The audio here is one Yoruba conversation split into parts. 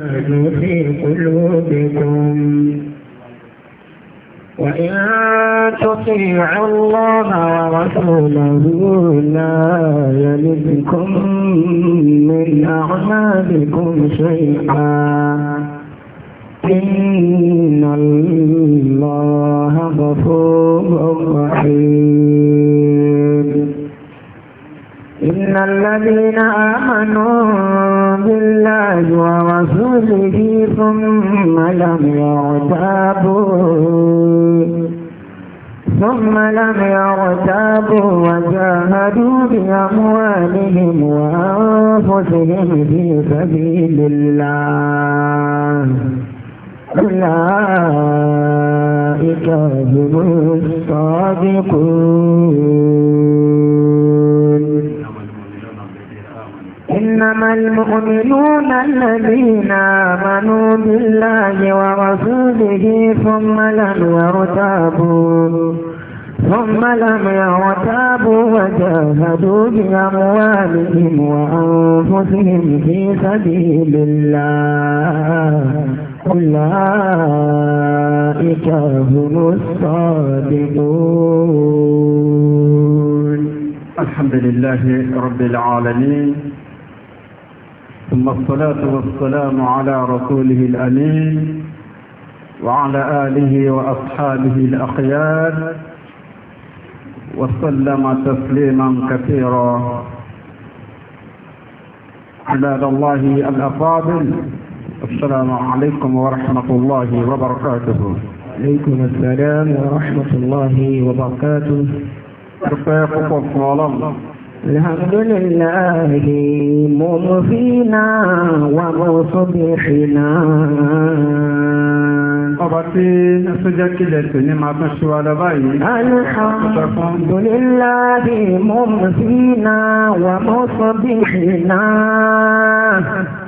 كانوا في قلوبكم وإن تطيعوا الله ورسوله لا يلدكم من أعمالكم شيئا إن الله غفور رحيم إن الذين آمنوا بالله ورسوله ثم لم يرتابوا ثم لم يرتابوا وجاهدوا بأموالهم وأنفسهم في سبيل الله أولئك هم الصادقون إنما المؤمنون الذين آمنوا بالله ورسوله ثم لم يرتابوا ثم لم يرتابوا وجاهدوا بأموالهم وأنفسهم في سبيل الله أولئك هم الصادقون الحمد لله رب العالمين ثم الصلاة والسلام على رسوله الأمين وعلى آله وأصحابه الأخيار وسلم تسليما كثيرا عباد الله الأفاضل السلام عليكم ورحمة الله وبركاته عليكم السلام ورحمة الله وبركاته alhamdulillahi mumfina wa musbihina ọba tí sójá kílẹ̀ tó ní máa tún ṣíwá lọ báyìí alhamdulillahi mumfina wa musbihina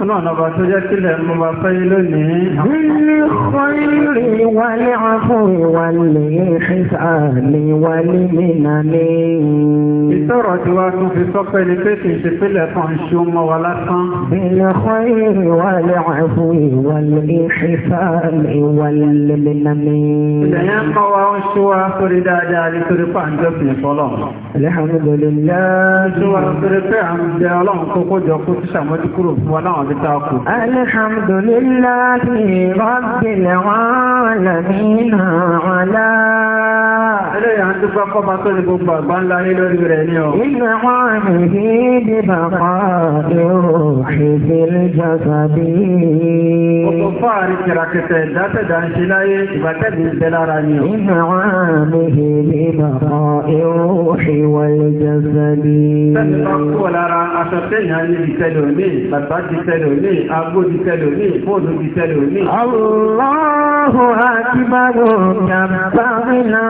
náà nọba tó jẹ́ kílẹ̀ mú bá fẹ́ lónìí. Ilé kọ́lé wálé àfún ìwálé ìfẹ́sàlẹ̀ wálé mìnàlé. Ìtọ́rọ̀ tí wá tún fi sọ́pẹ́ ni pé kì í ṣe pílẹ̀ kan ṣú mọ́ wa lásán. Ilé kọ́lé wálé àfún ìwálé ìfẹ́sàlẹ̀ wálé mìnàlé. Ìdẹ̀yẹ́ mọ́ wa ń ṣú sórí dáadáa nítorí pàǹjọ́ takù. Alhamdulillahi Rabbil alamin ala. Ẹlẹ́yà ń dúpẹ́ kọ́ba tó ní gbogbo àgbá ńlá ní lórí rẹ̀ ní ọ. Iná wọn mi kí di bàbá ìrò ìfìlẹ̀ jàkàdì. Ọ̀pọ̀ fáàrí kìràkìtẹ̀ ìdátẹ̀dá ń ṣe láyé ìbátẹ́bí ń lára ní ní ìtẹ́lẹ̀ tẹ́lò ní agbó ti tẹ́lò ní fóònù Allahu akibaru yàbáwìnà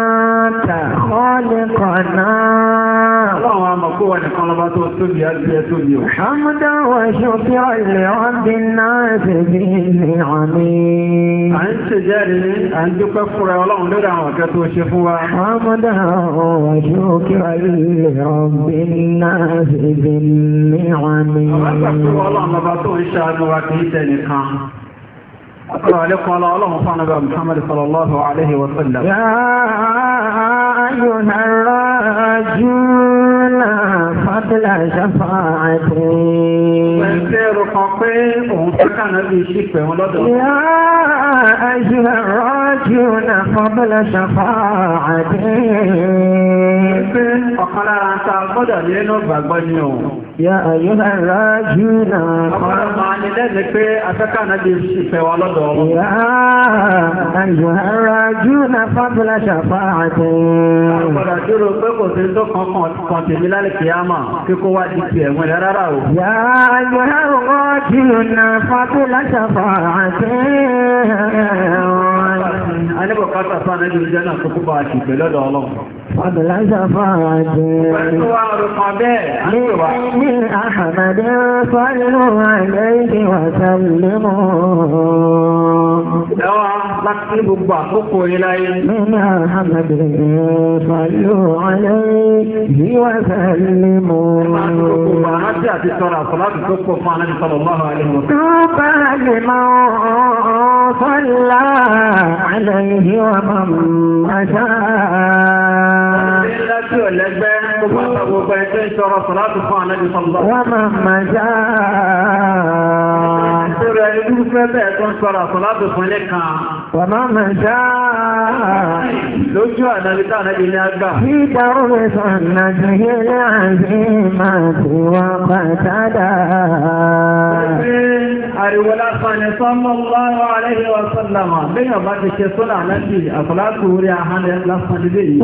tàkọ́lẹ̀ kọ̀nà. Ọlọ́run àmọ̀ kó wà nìkan lọ́ba tó tóbi àti ẹ tóbi o. Hamdá wà ṣọ́kí ọ̀lẹ̀ ọ̀dín náà ṣe bí ilé ọ̀ní. À ń ṣe jẹ́rìí ní à ń wa. Hamdá wà ṣọ́kí ọ̀lẹ̀ ọ̀dín náà ṣe bí ilé ọ̀ní. Ọlọ́run ṣàánú wa kìí tẹnìkan Assalamu alaikum ọlọ́run fún ànàbà Muhammad sallallahu alaihi wa sallam. Ya ayyuha rajuna fadla shafa'ati. Wọ́n tẹ́ rọ kan pé òun tó kànà ni òun. Ya àyíká rajuna, náà kọ́. Ọmọ ànílẹ́ni pé afẹ́kà náà di ìfẹ́ wa lọ́dọ̀ ọmọ. Yá àyíká rájú náà fábílá ṣàfá àti. Àpàdà dúró pé kò sí tó kankan kan tèmi lálẹ́ kìíyàmà kí anẹ́bọ̀kátà sáà nẹ́jọ́ ìjẹ́ náà tó kúbà àti ìpẹ̀lọ́dọ̀ ọlọ́run. Ọdùlájá fáwọn àjẹ́ ní àhàmàdé fọ́nù àlẹ́yìn wàtàlẹ́mù. Ẹwà láti gbogbo àkókò iláyé. Ní àhàmàdé fọ́nù àlẹ́yìn wàtàlẹ́mù. Tó bá lè máa صلى على ìlànà ìhíwà máa mú Ọ̀rẹ́ gbogbo ẹ̀tọ́ ìṣọ́rọ̀ sọ̀rọ̀ fún ànábì sọ̀rọ̀. Wọ́n máa ma já. Ìṣòro ẹni dúró fẹ́ bẹ́ẹ̀ tó ń sọ̀rọ̀ sọ̀rọ̀ fún ilé kan. Wọ́n máa ma já. Lójú bá ti ṣe sọ́nà ànábì àfọlákùnrin àhánẹ́ lásán nílé yìí.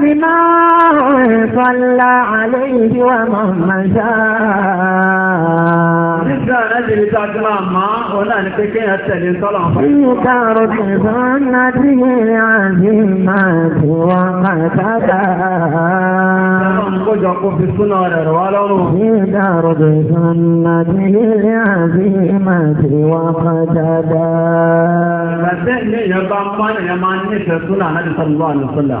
bí náà صلى عليه ومن مشاء تلك سنته العزيمة وقتدا في درب سنته العزيمة وقتدا Bàtẹ́ ní ìyẹn bá ń bá ní ẹ̀mà ní ìṣẹ̀súnà náà ti sọ́lọ́ àlùsọ́lọ́.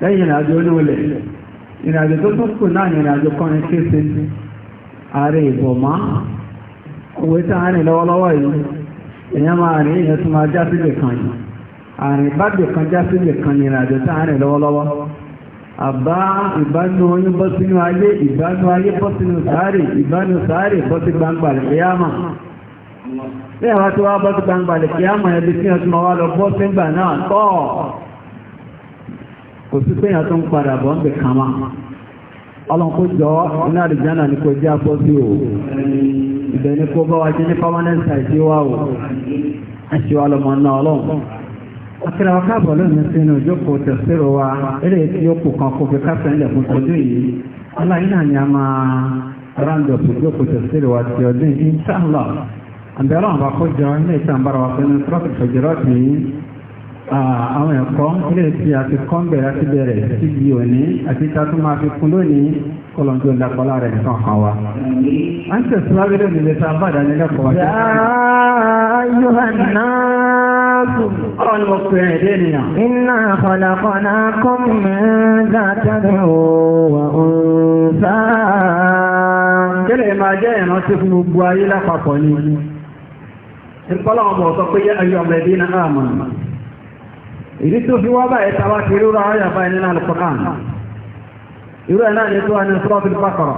lẹ́yìn ìrìnàjò olóòlẹ̀ ìrìnàjò tó tún kù náà ní ìrìnàjò kọrin kéèsè ààrẹ ìbọ̀má òwe tí a rìn lọ́wọ́lọ́wọ́ yìí èèyàn máa rìn èèyàn tún máa já sílẹ̀ kan yìí àrìn ìbádìí kan já sílẹ̀ kan ní ìrìnàjò tí a rìn lọ́wọ́lọ́wọ́ àbá ìbánu oyún bọ́ sínú ayé ìbánu ayé bọ́ sínú sàárè ìbánu sàárè bọ́ sí gbangba lẹ́yàmà lẹ́yàwá tí wọ́n bọ́ sí gbangba lẹ́yàmà ẹbí tí wọ́n ti máa wá lọ bọ́ sí gbà náà tọ́ọ̀ kò sí pé yàn tó ń padà bọ̀ ń bẹ̀ kàn máa ọlọ́nkó jọ iná àdìjánà ní kò jẹ́ àpọ́ sí o ìbẹ̀ ní kó bá wa jẹ́ ní permanent site wá o àti wa lọ́mọ náà ọlọ́run ọ̀kẹ́rẹ́ wa káàbọ̀ lónìí sínú ìjókòó tẹ̀síro wa eré tí ó kù kan kó fi káfẹ́ ńlẹ̀ fún tọdún yìí aláyín náà ni a máa round up ìjókòó tẹ̀síro wa ti ọdún yìí inshallah àbẹ̀rọ̀ àwọn akójọ ilé ìtàn bára wa pẹ̀lú àwọn ẹ̀kọ́ ilé tí a ti kọ́ ń bẹ̀rẹ̀ àti bẹ̀rẹ̀ sí di òní àti tàbí máa fi lónìí kọlọ̀njọ́ ìdápọ̀lá rẹ̀ nìkan kan wa. a ń tẹ̀síwájú lónìí lè ta bàdà ní ẹ̀kọ́ wa. yóhánà ọlọ́pẹ̀ ẹ̀dẹ́ nìyà ìdí tó fi wá báyẹ̀ tàwà kiri rọ ayà báyẹ̀ nínú alùpùpù irú ẹ̀ náà ní tó wà ní sọ́ọ̀tì bákọ̀rọ̀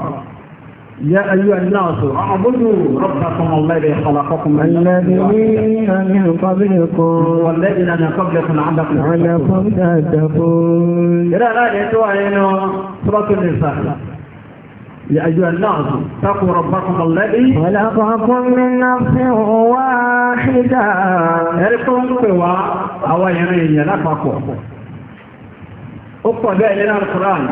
يا أيها الناس اعبدوا ربكم الذي خلقكم الذين من قبلكم والذين من قبلكم عندكم على قبل تتقون إلى الآن يتوى إنه سورة النساء يا أيها الناس اتقوا ربكم الذي خلقكم من نفس واحدة ẹ̀rẹ́kùn pè wá àwọn ìrìn ìyẹn lápapọ̀ ó pọ̀ bẹ́ẹ̀ nínú Al-Qur'an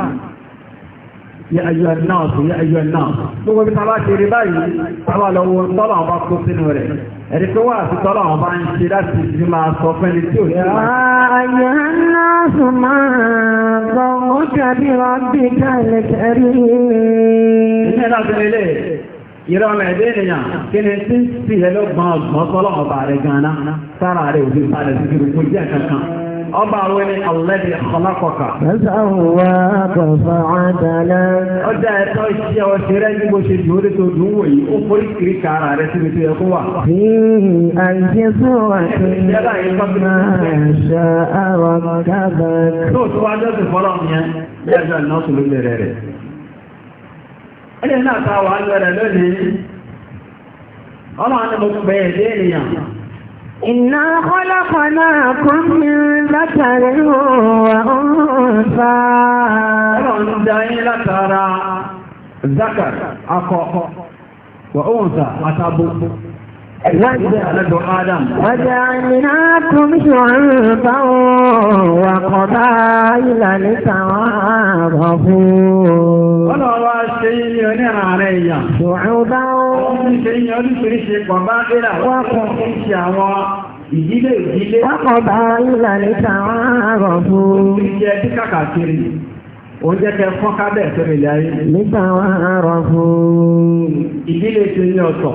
yẹ ayọ́ náà sí yẹ ayọ́ náà gbogbo bí tàbá ṣe rí báyìí tàbá lọ́wọ́ tọ́lọ̀ àwọn bá kó sínú rẹ̀ ẹ̀rí pé wà sí tọ́lọ̀ àwọn bá ń ṣe láti fi máa sọ fẹ́ ní tí ò sí ayọ́ náà sì máa gbọ́n kẹ́bí rọ́bì kálẹ̀ kẹ́rí ìṣẹ́ láti nílé ìrọ̀mọ̀ ẹ̀dẹ́ ènìyàn kí ni tí ń sì ẹlọ́gbọ̀n ọgbọ̀n tọ́lọ̀ ọba rẹ̀ gan-an sára rẹ̀ òfin ọba àwọn ẹni alẹ́bí ọlákọ̀ọ́kà. ẹ̀sà wà bàbá àdàlẹ́. ọjà ẹ̀tọ́ iṣẹ́ ọ̀sẹ̀ rẹ̀ ní bó ṣe jù ó tó dùn wò yìí ó forí kiri ka ara rẹ̀ síbi tó yẹ kó wà. bí àìsí fún àti máa ṣe àwọn náà ta wàá lọ rẹ̀ إنا خلقناكم من ذكر وأنثى ذكر أخو وأنثى أتابو وجعلناكم شعوبا وقبائل لتعارفوا شعوبا وقبائل ìdílé ìdílé. Wọ́n bá ìlà ní tàwọn àrọ̀ fún. Oúnjẹ tí kàkàkiri, oúnjẹ tẹ fọ́n kábẹ̀ sórí ilẹ̀ ayé. Ní tàwọn àrọ̀ fún. Ìdílé ti ní ọ̀tọ̀.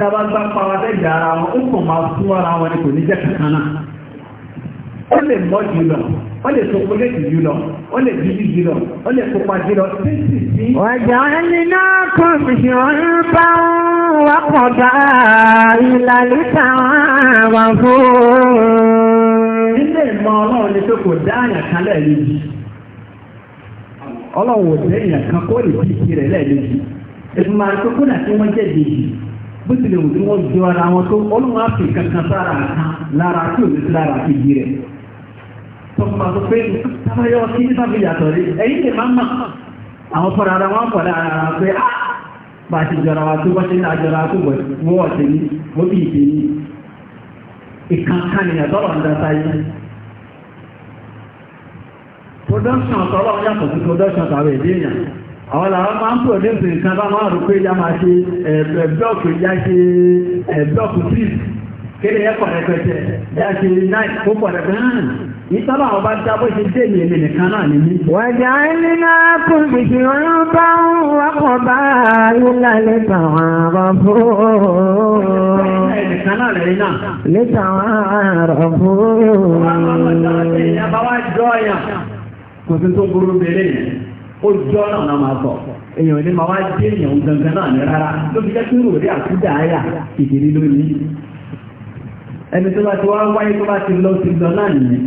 tàbá gbá pàwọn wọn ó kàn máa ara wọn ní kò náà ó lè mọ́ jù lọ ó lè tó kó léjì jù lọ ó lè bíbí jù lọ ó lè kópa jù lọ fi bá bá wà fún. ilé ìmọ̀ ọlọ́run ni pé kò dá àyàn ọlọ́run ò dé èèyàn kan kó lè ètò máa ń tó kó nà bó tilẹ̀ wù tí wọ́n jọ ara wọn tó ọlọ́run á fi kankan sára kan lára tí ò ní sí lára kejì rẹ̀ tọ́kùnmá tó pé tábàyọ̀ kí ní sábì yàtọ̀ rí ẹ̀yìn lè má mà àwọn fọ́ra ara wọn pọ̀ lára ara pé á ah! bá ti jọra wa tó wọ́n ti ní àjọra tó wọ́ ọ̀tẹ̀ ní wọ́n bí ìdè ní ìkankan nìyà tọ́lọ̀ ń dáta yìí production tọ́lọ̀ yàtọ̀ sí production tàbí ìdè yàn àwọn làwọn máa ń nke nǹkan bá máa rò ya máa ṣe eh, eh, ya ṣe ẹ̀bẹ́ọ̀kù eh, tíì kéde yẹ ya ṣe náì ó pọ̀ bá ṣe dé ní èmi nìkan náà nìyí. wọ́jà náà bá ń wọ́pọ̀ bá lẹ́tà wọn wọ́n ìyá ojú ọ̀nà náà máa sọ èèyàn ní máa wá dé èèyàn gangan náà ní rárá ló fi jẹ́ kí rò rí àkúdà àyà ìdílé lónìí ẹni tó bá ti wá wáyé tó bá ti lọ sí lọ náà nìyẹn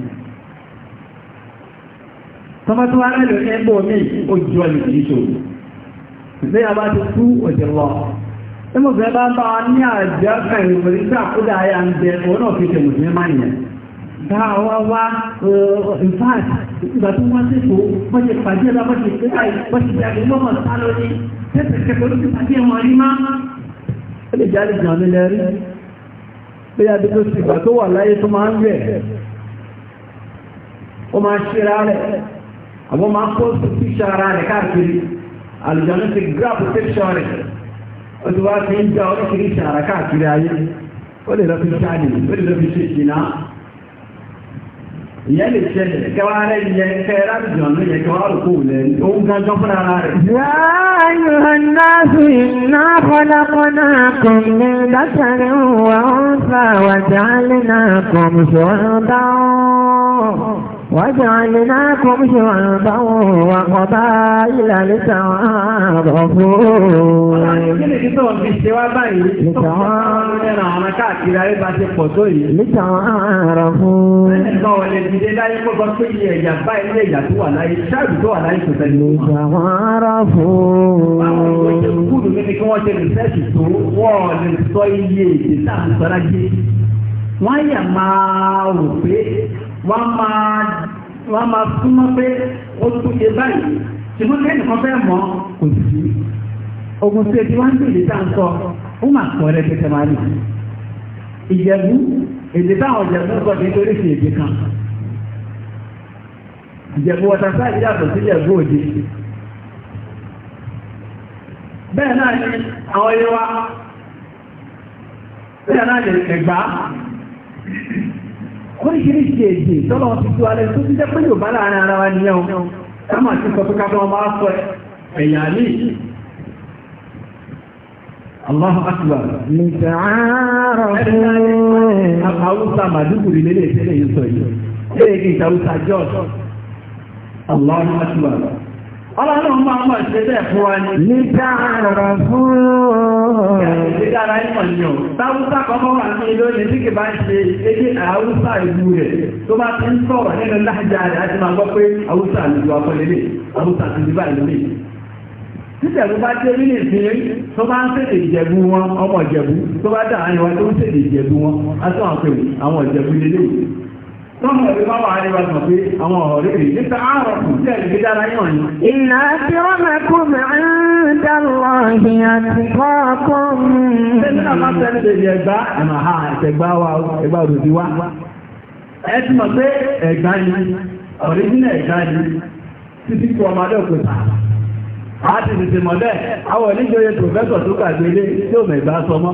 tọ́mọ́ tó wá rẹ̀ lónìí ẹgbẹ́ omi ojú ọ̀nà kìí ṣòro ní a bá ti kú òjò lọ ẹmọ̀bìnrin bá bá ní àjọ ẹ̀rùn ìgbà àkúdà àyà ń bẹ òun náà fi ṣe mùsùlùmí dáwà wá ìfáàdì ìgbà tó wá sí kò wọ́n ti pàdé ọ̀la wọ́n ti pé báyìí wọ́n ti jáde lọ́mọ̀ sá lórí tẹ́sẹ̀ kẹ́kọ̀ọ́ ló ti pàdé wọn rí má. ó lè jáde jàn mí lẹ́rí pé adé tó ti gbà tó wà láyé tó máa ń rẹ̀ ó máa ṣera rẹ̀ àwọn máa kó píṣà ara rẹ̀ káàkiri àlùjáde ti gíráàpù píṣà rẹ̀ ó ti wá fi ń já oríṣiríṣi àrà káàkiri ayé ó lè lọ fi ṣáàdì ó lè lọ fi ṣe ìṣìnà ìyẹn lè ṣẹlẹ̀ kẹwàá rẹ̀ yẹ kẹrà jọ̀nù yẹ kẹwàá rò kó lẹ̀ oún ganjọ́ fún ara rẹ̀. yá náà fi kan ní látàrí wà fà wàjà lẹ́nà kan ṣọ́ọ́ dáhùn. وجعلناكم شعبا وقبائل لتعارفوا لتعارفوا لتعارفوا wọ́n yà máa rò pé wọ́n máa súnmọ́ pé ó tún ṣe báyìí ṣùgbọ́n kẹ́ni kan fẹ́ mọ́ kò sí ogun tí etí wọ́n ń dùn níta ń sọ ó máa kọ́ rẹ̀ tẹ́tẹ́ máa rí ìjẹ̀bú èdè táwọn ìjẹ̀bú sọ kí nítorí fi èdè kan ìjẹ̀bú wọ́ta sáàdì yàtọ̀ sí ìjẹ̀bú òde bẹ́ẹ̀ náà ni àwọn yẹwa bẹ́ẹ̀ náà ni ẹ̀gbá oríṣiríṣi èdè tọ́lọ́ ti tú alẹ́ tó ti jẹ́ pé yóò bá láàrin ara wa nìyẹn o kámà ti sọ pé káfẹ́ wọn bá sọ ẹ̀yà lè Allahu akbar. Nìtàárọ̀ fún mi. Àwùsá Màdúgùrì lélẹ̀ ìṣẹ̀lẹ̀ yìí sọ yìí. Ṣé èdè ìtàwùsá George? Allahu akbar. Ọlọ́run máa mọ̀ ṣe bẹ́ẹ̀ fún wa ní. Ní dára fún ooo. Ní dára ìmọ̀ ni ọ̀. Táwúsá kọ́kọ́ wà ní ilé oní tí kì bá ṣe èdè àwúsá ìlú rẹ̀ tó bá ti ń sọ̀rọ̀ nínú láàjá rẹ̀ àti máa gbọ́ pé àwúsá ìlú akọ́lélé, àwúsá ti di báyìí lé. Títẹ̀lú bá dé nínú ìsinmi tó bá ń tètè ìjẹ̀bú wọn, ọmọ ìjẹ̀bú tó bá dà áyẹ̀wá tó ń tètè ìjẹ̀bú wọn, á sọ àwọn ìjẹ̀bú lélẹ́yìn. إن أكرمكم عند الله أتقاكم Ẹtùmọ̀ pé ẹ̀gbá ni, A ti tètè mọ̀ bẹ́ẹ̀, àwọn oníjọ́ yẹ pòfẹ́sọ̀ tó kàgbélé tí ó sọmọ́.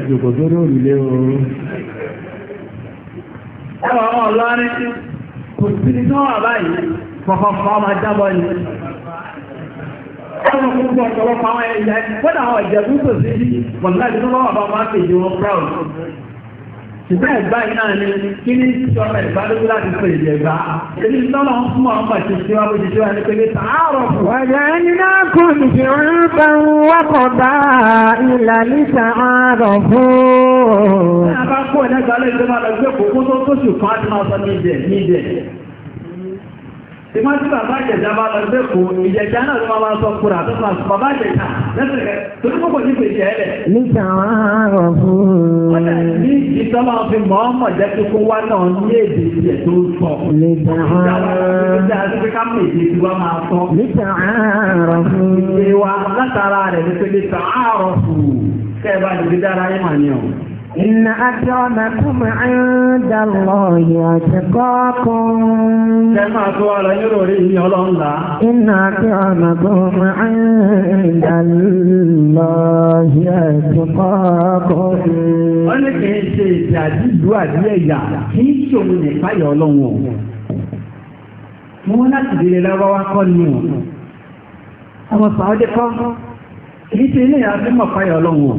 ìjòkó tó ní òrùlé oòrùn. Ẹwà ọmọ ọlọ́rin kò sí ní tó wà báyìí, kọ̀kọ̀kọ̀ ọmọ jábọ̀ ni. Ẹwà púpọ̀ ọ̀pọ̀lọpọ̀ àwọn ẹ̀yà, kódà àwọn ìjẹ̀bú tòsí, pọ̀lá ìdúnlọ́wọ́ bá máa ń pèjì wọn proud ṣùgbọ́n ẹ̀gbá yìí náà ni kí ní sọ̀rọ̀ ẹ̀gbá lókè láti pè é ẹ̀gbá. èmi sọ́nà ń fún ọmọ ìṣesí wa bó ṣe ṣe wá ní pẹ̀lú tààrọ̀. wàjà ẹni náà kò ní ṣe ń bá ń wọ́pọ̀ bá ìlà ní sàárọ̀ fún. ní àbá kó ẹ̀dẹ́gbàá lè tí wọ́n tí bàbá ìjẹta bá lọ sí kò ìjẹta náà ló máa sọ kúrò àtọ́sọ àti bàbá ìjẹta lẹ́sẹ̀kẹ́ tó ní kókò nípa ìjẹ́ rẹ̀. níta wọn rọ fún un. wọ́n dà ní ìtọ́ máa fi mọ́ ọmọ jẹ́ kíkó wá náà ní èdè ìjẹ tó sọ. níta wọn rọ fún un. ìwà látara rẹ̀ ní pé níta wọn rọ fún un. kẹ́ ẹ bá dìbí dára yín mà ní ọ̀. إن أكرمكم عند الله أتقاكم إن أكرمكم عند الله أتقاكم Wọ́n kì í ṣe ìjà Mo láti dèrè lọ́wọ́ wá kọ́ ni o. Àwọn sàádé kọ́ kì ṣe ilé ìyá fún mọ̀pá ìyọ̀ ọlọ́run.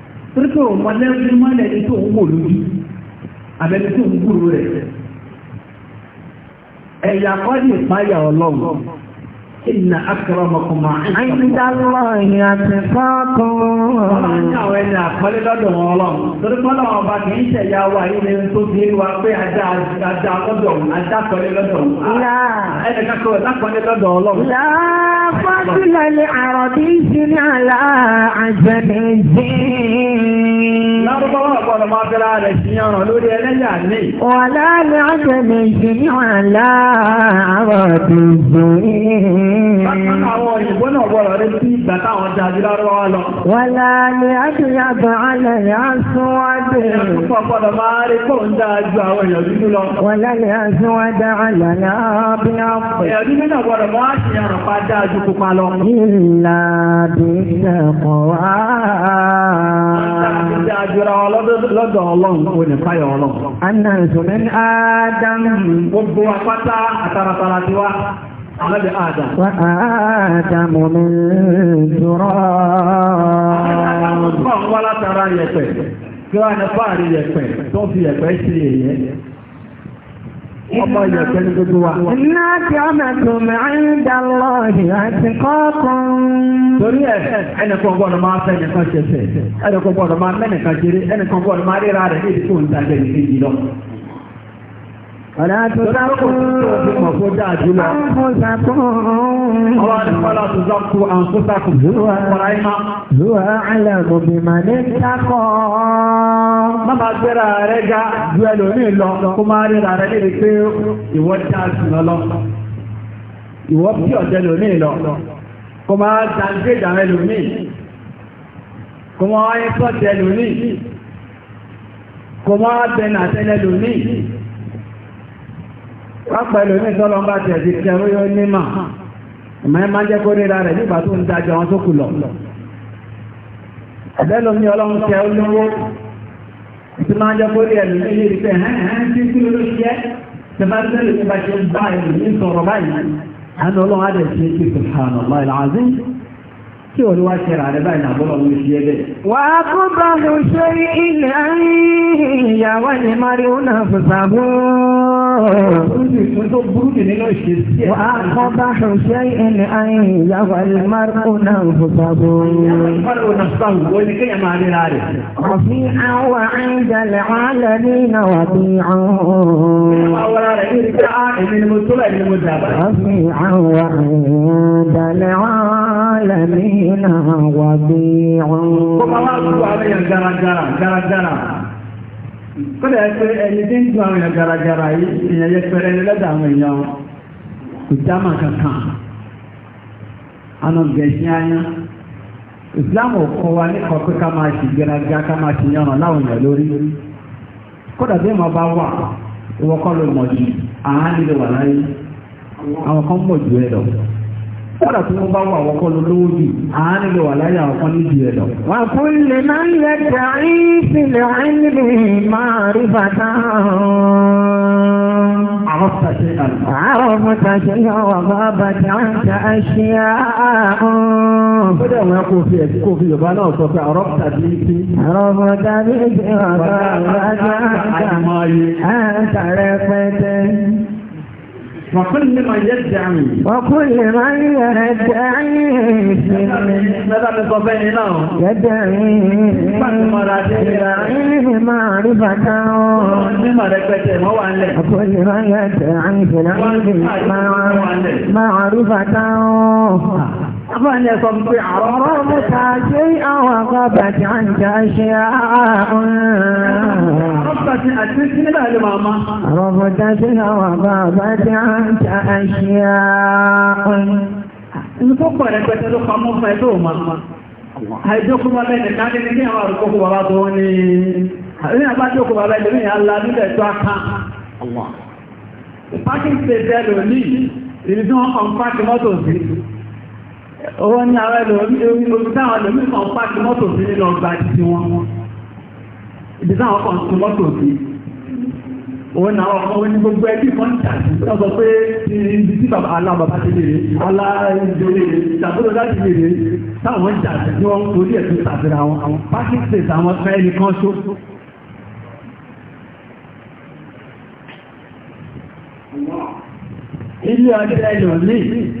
torípé òun wọlé ní mọ́lẹ̀ ní tó ń wò lójú àbẹ̀lẹ̀ tó ń gbúrú rẹ̀ ẹ̀yà kọ́ ìpáyà ọlọ́run Inna akramakum indallahi atqakum. Ọlọ́run ní ẹni àkọ́lé lọ́dọ̀ wọn ọlọ́run. Torí pọ́lọ́ ọba kì í ṣẹ̀yà wa ilé tó fi wá pé ajá ajá lọ́dọ̀ ajá kọ́lé lọ́dọ̀ wọn. Ẹnì kan kọ́ lákọ́lé lọ́dọ̀ ọlọ́run. فاصل العربي على عجمي ولا العجمي على عربي ولا لأجيب على الأسود ولا الأسود على الأبيض pupa lọ. ìlà bí ẹ̀kọ́ wá. Ìjà àjọra lọ́dọ̀ ọlọ́run kò ní fáyọ̀ ọlọ́run. Anna ìṣòlẹ́ ọmọ ìyọ̀kẹ́ ní gbogbo wa. Iná tí a máa tó máa ń dá lọ àti kọ́kàn. Torí ẹ̀ ẹnìkan gbọ́dọ̀ máa fẹ́ nìkan ṣẹṣẹ, ẹnìkan gbọ́dọ̀ máa mẹ́nìkan jẹrẹ, ẹnìkan gbọ́dọ̀ máa ríra rẹ̀ ní ìdíkò ń ìdíjì lọ. Ọ̀nà àtúnṣàkó ọ̀fọ́ dáadé lọ. Àǹfọ́sàkó. Ọwọ́ ni kọ́lá àtúnṣàkó àǹfọ́sàkó. Zúwà Zúwà àlàmù bí màá ní sákọ̀. Má máa gbéra rẹ̀ ga ju ẹlòmíì lọ kó máa ríra rẹ̀ níbi pé ìwọ já jùlọ lọ. Ìwọ bí ọ̀jẹ̀ lòmíì lọ kó máa dàgbé ìdàrẹ́ lòmíì. Kó máa pàápàá ẹlòmí sọ́lọ́ bá tẹ̀ sí kẹrù yóò nímà ìmọ̀ ẹ máa jẹ́ kó ríra rẹ̀ nígbà tó ń dájọ́ wọn tó kù lọ. ẹ̀bẹ́lòmí ọlọ́run tẹ olówó tí máa jẹ́ kó rí ẹlòmí yìí rí pé hẹ́n hẹ́n tí kí ló ṣẹ́ tẹ́fẹ́ tẹ́lẹ̀ tí ò ní wá ṣe rà báyìí nàbọ́lọ̀ ló ṣe ẹbẹ̀. wà á kó bá lọ ṣe ilẹ̀ ìyàwó ni mari ó náà fòsà bó. tó ní kéèyàn máa ní iná wà bí wọn. Kó máa wá lu àwọn garagara garagara. Kọ́dà ẹ pé ẹni tí ń ju àwọn èèyàn garagara yìí, èèyàn yẹ pẹrẹ àwọn èèyàn kò já mà kankan. Àna gẹ̀ẹ́sì ayá. Ìsìláàmù kọ́ wa nípa pé ká máa ṣì garaga ká máa ṣì yànnà láwọn èèyàn lórí. Kọ́dà bí mo bá wà, ìwọ ló mọ̀ jù, àhánilé wà láyé. Àwọn kan mọ̀ jù kódà tí wọ́n bá wà wọ́n kọ́ ló lówó jù àárín lè wà láyé àwọn kan níbi ẹ̀ lọ. wà fún lè máa ń yẹ dàrí sílẹ̀ àìlè máa rí bàtà. àwọn fúnṣe àlùfáà. àwọn fúnṣe yọ̀wọ̀ bàbá dáńtà àṣìyà. kódà wọn kò fi ẹ̀sìn kò fi yorùbá náà sọ pé àrọ́ tàbí ti. àrọ́ tàbí ti ọ̀gá ọ̀gá dáńtà àǹtà rẹpẹtẹ. وكل من يدعي وكل من يدعي يدعي يدعي معرفة وكل من يدعي في العلم معرفة من يصدع ربك شيئا وغابت عنك أشياء ربك شيئا وغابت عنك أشياء Ìfọ́pọ̀ rẹ̀ pẹ̀tẹ́ ló bẹ́ẹ̀ nìkan ní ní àwọn àrùkókò bàbá tó owó ní àwọn ẹlòmí omi táwọn ẹlòmí kan pàtí mọ́tò sí nínú ọgbà títí wọn ibi táwọn kan tún mọ́tò sí òun náà ọkọ̀ ní gbogbo ẹbí kan tàbí ọgbọ̀ pé ibi tí bàbá alábàbá ti lè aláìjẹrẹ ìjàbọ̀dọ̀ láti lè rẹ̀ táwọn jà ní wọn orí ẹ̀tún tàbíra àwọn àwọn parking space àwọn fẹ́ ẹni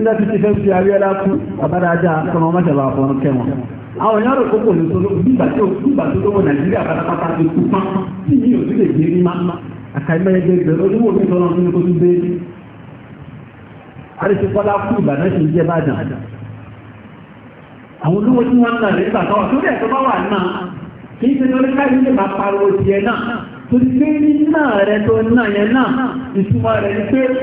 ilẹ̀ ti ti fẹ́ fi àríẹ́ látún àbádájá tọmọ mọ́jọba fọ́nù kẹwọn àwọn èèyàn rẹ̀ kókò ní sọ́dọ̀ nígbà tí ó nígbà tó lówó nàìjíríà pátápátá ti kú pán tí mi ò sí lè gbé ní máa àkàìmẹ́yẹ gbẹgbẹ olówó mi tọ́nà tó ní kó tún gbé àríṣe kọ́lá kú ìbàdàn sì ń jẹ́ bàdàn àwọn olówó tí wọ́n ń nà nígbà tó wà tó rẹ̀ tó bá wà náà kì í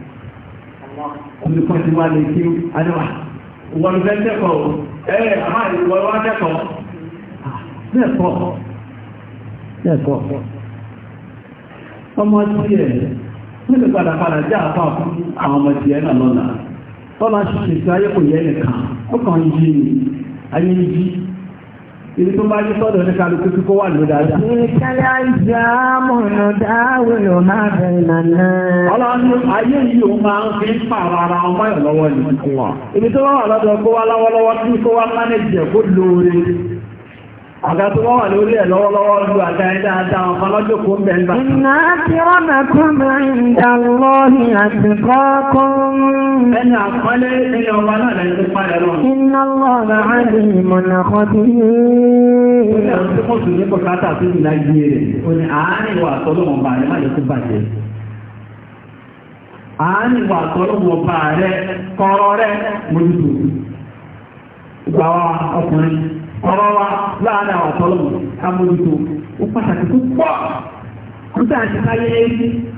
olùkọ́ ti wá lè kí adéwà wọ́n fẹ́ tẹ́kọ̀ọ́ ẹ̀ẹ́ àmà ìwọ̀ wá tẹ́kọ̀ọ́ lẹ́ẹ̀kọ́ lẹ́ẹ̀kọ́ ọmọ tí ẹ̀ nílùú padà padà jẹ́ àpá fún àwọn ọmọ tí ẹ̀ náà lọ́nà tọ́lá ṣiṣẹ́ sí ayé kò yẹ nìkan ó kàn yí ni ayé yí ibi tó bá yí sọ́dọ̀ ní kálukú tí kó wà ní dáadáa. ìkẹlẹ̀ àìsà mọ̀nà dáwò ló máa bẹ̀rẹ̀ nàná. ọlọ́run ayé yìí ó máa ń fi ń pààrọ̀ ara ọmọ ẹ̀ Àga tó wọ́n wà lórí ẹ̀ lọ́wọ́lọ́wọ́ ju àga ẹ̀dá àdáwọn kan lọ́jọ́ kó ń bẹ̀ ń bá. Iná ti rọ́nà kún mi ìdá lọ́hìn àti kọ́kún. Ẹni àpọ́lé ilé ọba náà lẹ́yìn tó pàdé lọ. Iná lọ́ọ̀rọ̀ àdé ìmọ̀nà kan ti ní. Ó ní àwọn tí kò sùn ní bùkátà sí ìlà yìí rẹ̀. Ó ní àárín ìwà àtọ́lọ́mọ̀ bá rẹ̀ má yẹ kó bàjẹ́. Àárín ìwà àtọ́lọ́mọ̀ bá rẹ̀ kọ́rọ́ rẹ̀ mójútó. Ìgbà wa ọkùnrin ọ̀rọ̀ wa láàárín àwọn ọ̀tọ́lọ́mù amójútó ó pàtàkì tó pọ̀ ó tà sí káyé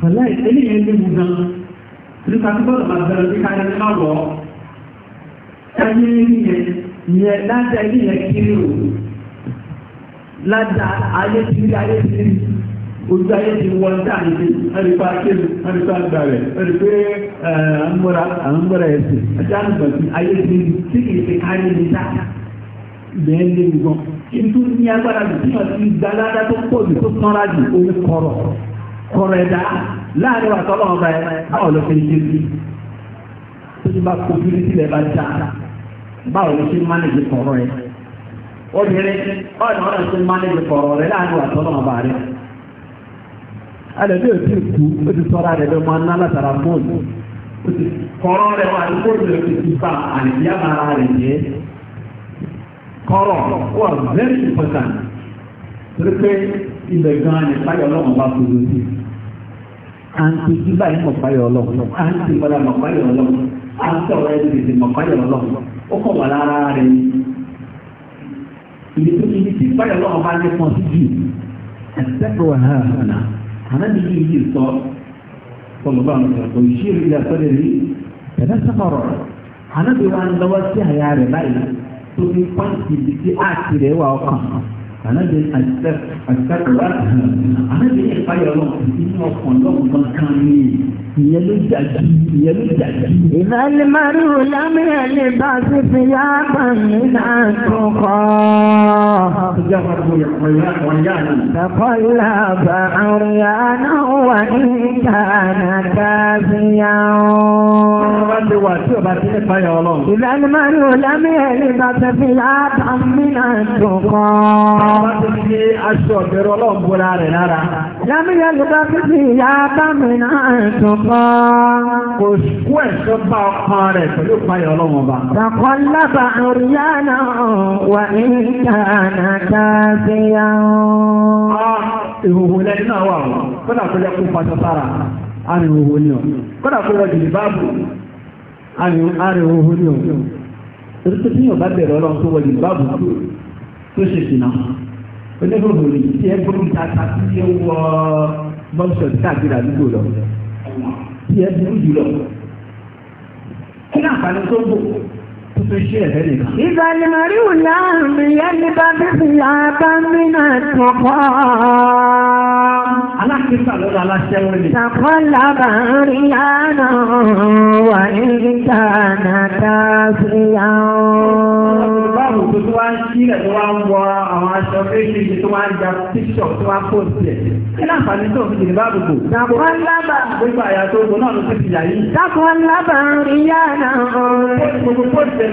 pẹ̀lú eléyìí ní mu gan nípa tí bọ́ọ̀lù máa bẹ̀rẹ̀ sí káyé ní máa wọ̀ káyé yẹn yẹn láti ayé yẹn kiri o láti ayé kiri ayé kiri ojú ayé ti wọ́n dáadé ẹ̀rìpá kéèrè ẹ̀rìpá gbàrẹ̀ ẹ̀rìpé àmúra àmúra ẹ̀sìn àti àmúgbàtí ayé ti kí kìí ilẹ̀ ń lé gbọ́n ètò ní agbára jù tí wọ́n ti tó pọ̀ jù tó sanra jù omi kọ̀rọ̀ kọ̀rọ̀ ẹ̀dá láàrin wa tọ́lọ́ ọba ẹ̀ báwo ló fẹ́ ṣe sí tó ti bá kojú ní bá báwo ló ṣe kọ̀rọ̀ ẹ̀ obìnrin ọ̀nà ọ̀nà ṣe kọ̀rọ̀ rẹ̀ láàrin wa ọba rẹ̀ kú ó ti sọ́ra rẹ̀ ná látara fóònù kọ̀rọ̀ rẹ̀ wà ní fóònù kọ́rọ̀ wà very important torí pé ilẹ̀ gan-an ni fáyọ̀ ọlọ́run bá tó lórí àǹtí tí báyìí mọ̀ fáyọ̀ ọlọ́run and padà mọ̀ fáyọ̀ ọlọ́run àǹtí ọ̀rẹ́ ti tètè mọ̀ fáyọ̀ ọlọ́run ó kọ̀ wà lára rẹ̀ ìdí tó ibi tí fáyọ̀ ọlọ́run bá lé pọ̀ sí jù ẹ̀sẹ̀kọ̀ wà hàn hànà hànà ní bí yìí sọ ọlọ́run kò ṣí ìrìnà sọ́dẹ̀ rí ẹ̀dá sọ́kọ̀rọ̀ hànà bí wà ń lọ́wọ́ sí àyà rẹ̀ báyìí tó fi pàǹtì ibi tí áàtì rẹ̀ wà ọkàn ànábi àtẹkùrẹ́ ànábi ìpayọ̀ lọ́wọ́ ìdí ní ọkàn lọ́wọ́ gan-an ní ìyẹn ló jàjì ìyẹn ló jàjì. ìfẹ́lẹ́mọ́rù lámìlẹ̀ lè bá sí fi yá bàmí náà tó kọ́. Tẹ̀kọ́lá bá àríyá náà wà ní ìdáná káfíyà ọ́. Ìfẹ́lẹ́mọ́rù lámìlẹ̀ lè bá sí fi yá bàmí náà tó kọ́. Bàbá ti fi aṣọ ìbẹ̀rù ọlọ́run bọ́ra rẹ̀ lára. Lámìlẹ̀ lè bá sí fi yá bàmí náà tó kan. Kò kú ẹ̀ṣọ́ bá ọkàn rẹ̀ pẹ̀lú payọ̀ ọlọ́run ọba. Dàkọ́ lábà àríyànà wà ní ìdáná káàkiri. Ìhòhò lẹ́ni náà wà wọ́n, kọ́dà kó jẹ́ kó pàṣọ sára, arìnrìnwó ni ọ̀. Kọ́dà kó wọ́n jìlì báàbù, arìnrìnwó ni ọ̀. Torí ni tí ẹ gbóhùn tí ẹ wọ bọ́ọ̀ṣọ̀ tí káàkiri àdúgbò lọ tí ẹ burú jùlọ kí náà àǹfààní tó ń bò. إذا المرء لم يلبى بثيابا من التقام تقلب ريانا وإن كان كافيا Báwo tó tó wá ń sílẹ̀ tó wá ń wọ àwọn aṣọ méjèèjì tó wá ń ja tíṣọ̀ tó wá pò Kí láǹfààní tó fi jìnnì báàbò bò? Dàpọ̀ lábà. tó gbọ́ náà ló ti fìyà yìí. Dàpọ̀ lábà ń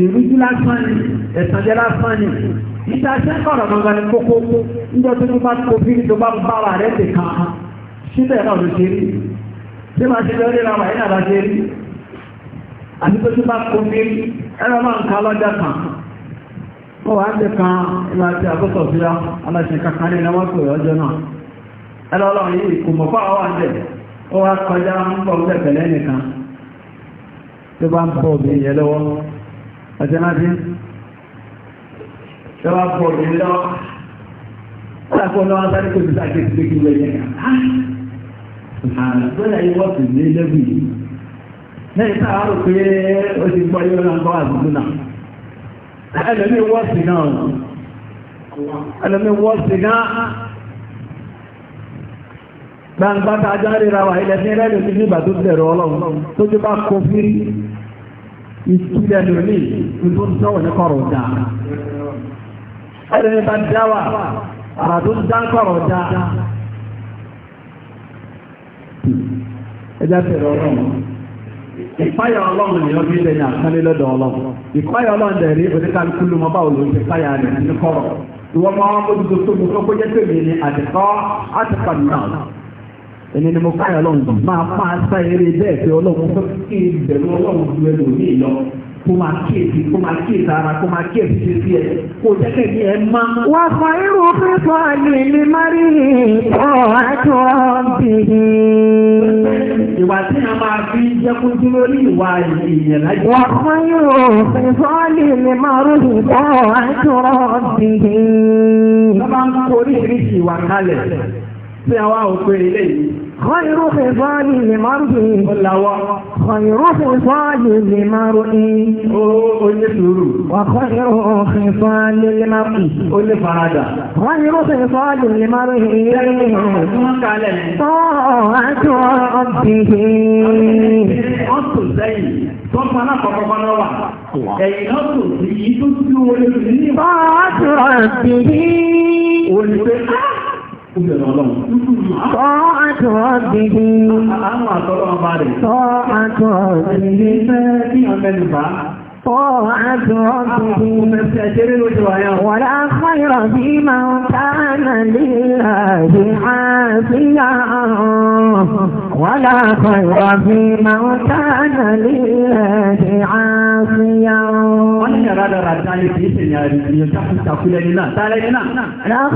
ìrújú lásán ni ẹ̀sànjẹ́ lásán ni níta ṣe ń kọ̀rọ̀ kókó níjọ́ tó bá bí tó bá bá wà rẹ̀ ti kàn án síbẹ̀ náà ló ṣe rí ṣé máa ṣe lórí ra wà yín àbá ṣe rí àti tó tó bá kó bí ẹ̀rọ máa ń ka lọ́jà kan ó wà á kan àti àkókò aláṣẹ kankan ní ẹ̀rọ àjẹ́lájí ṣọ́wá pọ̀ ní sáré kò sí sí ah! a jáde ìtúlẹ̀ lórí tó ń sọ̀rọ̀ ní kọ̀rọ̀ dá. ẹ̀rẹ́ bá dá wà àrà tó ń dá kọ̀rọ̀ dá. ẹjá tẹ̀lé ọlọ́run ìpáyà ọlọ́run ni ọdún ilẹ̀ ní àkánlé lọ́dọ̀ ọlọ́run ìpáyà ọlọ́run dẹ̀ rí oníkàlùkù ló mọ báwo ló ń ṣe páyà rẹ̀ ní kọ̀rọ̀ ìwọ́n máa ń mójútó tó mú tó kó jẹ́ tèmi ní àdìkọ́ àtìkọ́ náà ẹni ni mo fẹ́ ọlọ́run máa máa sá eré bẹ́ẹ̀ pé ọlọ́run fẹ́ kí ìbẹ̀rù ọlọ́run ju ẹlòmíì lọ kó máa kíyèsí kó máa kíyèsí ara kó máa kíyèsí títí ẹ kó jẹ́kẹ̀ ní ẹ má. wà á fa irú pípọ̀ àlùmí márì ọ̀ àjọ bìrì. ìwà tí a máa fi jẹ́kún dúró ní ìwà ìyẹn lájú. wà á fa irú pípọ̀ àlùmí márì ọ̀ àjọ bìrì. wọ́n máa ń kó oríṣiríṣi ìwà kalẹ̀ sí àwa òpin ilé خير خصال لمرء خير خصال لمرء وخير خصال لمرء خير خصال لمرء طاعة ربه طاعة ربه Tọ́àtù ọ̀bìnrin. Àwọn àtọ́lọ́ ọba rẹ̀. Tọ́àtù ọ̀bìnrin. Tọ́àtù ọ̀bìnrin. Wàlá kọ́yọ̀ bí máa ń tánà lílà bí á sí láàrùn. ولا خير فيمن كان لله عاصيا لا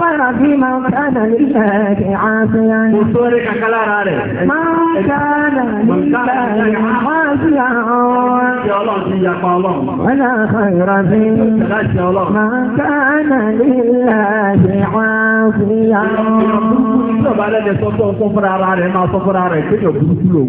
خير فيمن كان لله عاصيا من كان لله عاصيا ولا خير فيمن كان لله عاصيا náà bá lẹ́lẹ̀ sọ tó sọ fúnra ara rẹ̀ máa sọ fúnra rẹ̀ kéèyàn burúkú lòun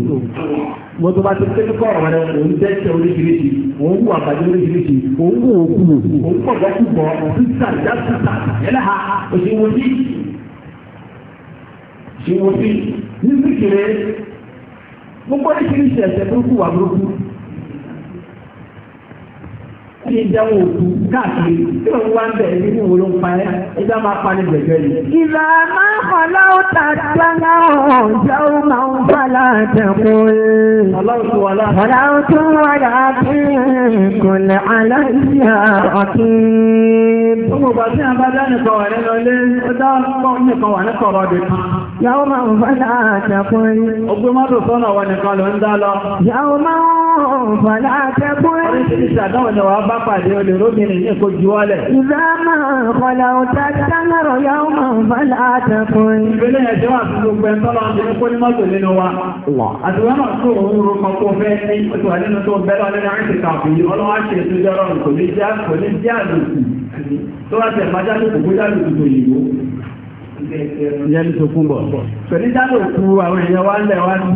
mo tó bá ti pé nípa ọ̀rọ̀ rẹ̀ òun dẹ́ṣẹ̀ oríṣiríṣi òun wù àgbàdo oríṣiríṣi òun wù òkú òun pọ̀ gbọ́kúgbọ́ òfíìsà jáfíìsà ẹlẹ́ha òṣìwòsí òṣìwòsí ní síkìrì gbogbo oríṣiríṣi ẹ̀ṣẹ̀ burúkú wà burúkú tí ìdánwò òkú káàkiri tí òun wá ń bẹ̀ nínú òun parẹ́ ìdá máa parí gbẹ̀gbẹ̀ yìí. ìlà máa kàn láwùtà dáná ọ̀jọ́ máa ń bala àtẹ̀kọ́ ẹ̀. ọ̀làwù tó wà láàbí ìkọlẹ̀ aláìyá ọ̀kí. gbogbo ìgbà tí a bá dání kan wà nínú ilé ó dá nìkan wà ní kọ̀rọ̀ ọ̀dẹ̀ kan. yàwó máa ń bala àtẹ̀kọ́ ẹ̀. ogun mọ́tò sọ́nà wọn nìkan ló ń dá lọ. yàwó máa bá pàdé olè rómìnì ní kò ju ọlẹ̀. ìzá máa ń kọlà òtá sámọ̀rọ̀ yóò máa ń fọ́lá àtẹkùn. ìbílẹ̀ ẹ̀jẹ̀ wà fún gbogbo ẹ̀tọ́ lọ sí kó ní mọ́tò nínú wa. àtiwọ́n náà tó òun ro kan kó fẹ́ ní oṣù wà nínú tó ń bẹ́lọ́ nínú àrùn kàfù yìí ọlọ́wà ṣe ètò ìjọ ọlọ́run kò ní jẹ́ kò ní jẹ́ àdùkù tó wá tẹ̀ májá tó kò gbójá lòdù tó yìí Ìyẹn ní sokún bọ̀. Pẹ̀lú jáde òkú àwọn èèyàn wá ń lẹ̀ wá ní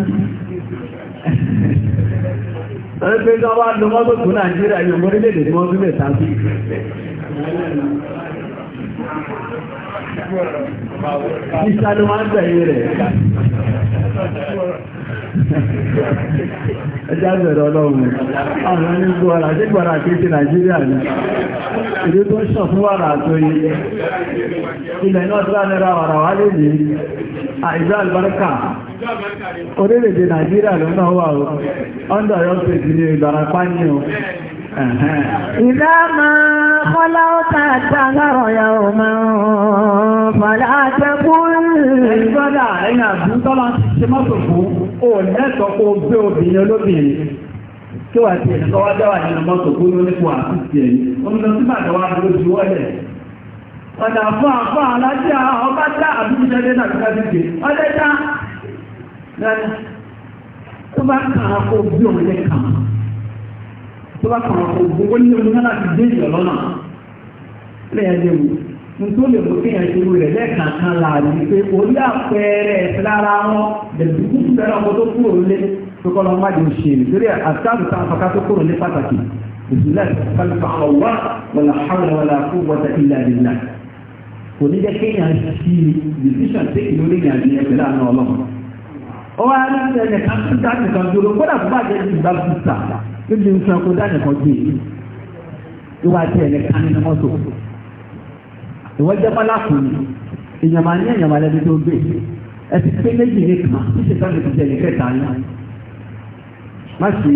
Ẹgbẹ́ ìjọ wá lọ mọ́tò tó Nàìjíríà yóò mọ́ nílé ìdè mọ́ sílẹ̀ tàbí. Ìṣàlọ́ máa ń gbẹ̀yìn rẹ̀. Ẹjá bẹ̀rẹ̀ ọlọ́run. Àwọn ní gbọ́ra sí gbọ́ra kìí ti Nàìjíríà ní. Ìdí tó ń ṣọ̀ fún wàrà àtòyí. Ilẹ̀ náà tó àìsá àlùbáríkà orílẹ̀-èdè nàìjíríà ló náà wà ó ọ́ndà ní o ìdá kọ́lá ó tààtà lọ́rọ̀ ya ò máa ọ̀nà fún àfún alájá ọba já àbújúdẹ́dẹ́ náà gbájúdé ọdẹ́ já lẹ́nu tó bá kàn án kó bí òun lè kàn án tó bá kàn án kó bí ó ní omi náà ti dé ìyọ̀ lọ́nà lẹ́yìn lè mú nítorí lè mú kéèyàn ṣe irú rẹ̀ lẹ́ẹ̀kan kan láàrin pé orí àpẹẹrẹ ẹ̀sìn wọn bẹ̀rẹ̀ kú bẹ̀rẹ̀ ọmọ tó kúrò lé tó lọ má di òṣè nítorí àtàkùn tá fọ́ká tó kúrò lé pàtàkì ìsìlẹ̀ kálífà ọ̀wá wàlà hàwùlà wàlà kúwwata ìlà billah kò ní jẹ́ kéèyàn sí decision tí kìí lórí ìrìn àjò ẹgbẹ̀rẹ̀ àná ọlọ́run ó wá ní ẹnì kan tó dá nìkan dúró kódà kó bá ní ìgbà fúta tó di nǹkan kó dá nìkan dé ìwà àti ẹnì kan nínú mọ́tò ìwọ jẹ́ bọ́lá kù ní ìyàmà ní ìyàmà lẹ́ni tó gbé ẹ ti pé méjì ní kan tí ṣe tán lè fi jẹ̀lẹ̀ kẹta ní. má ṣe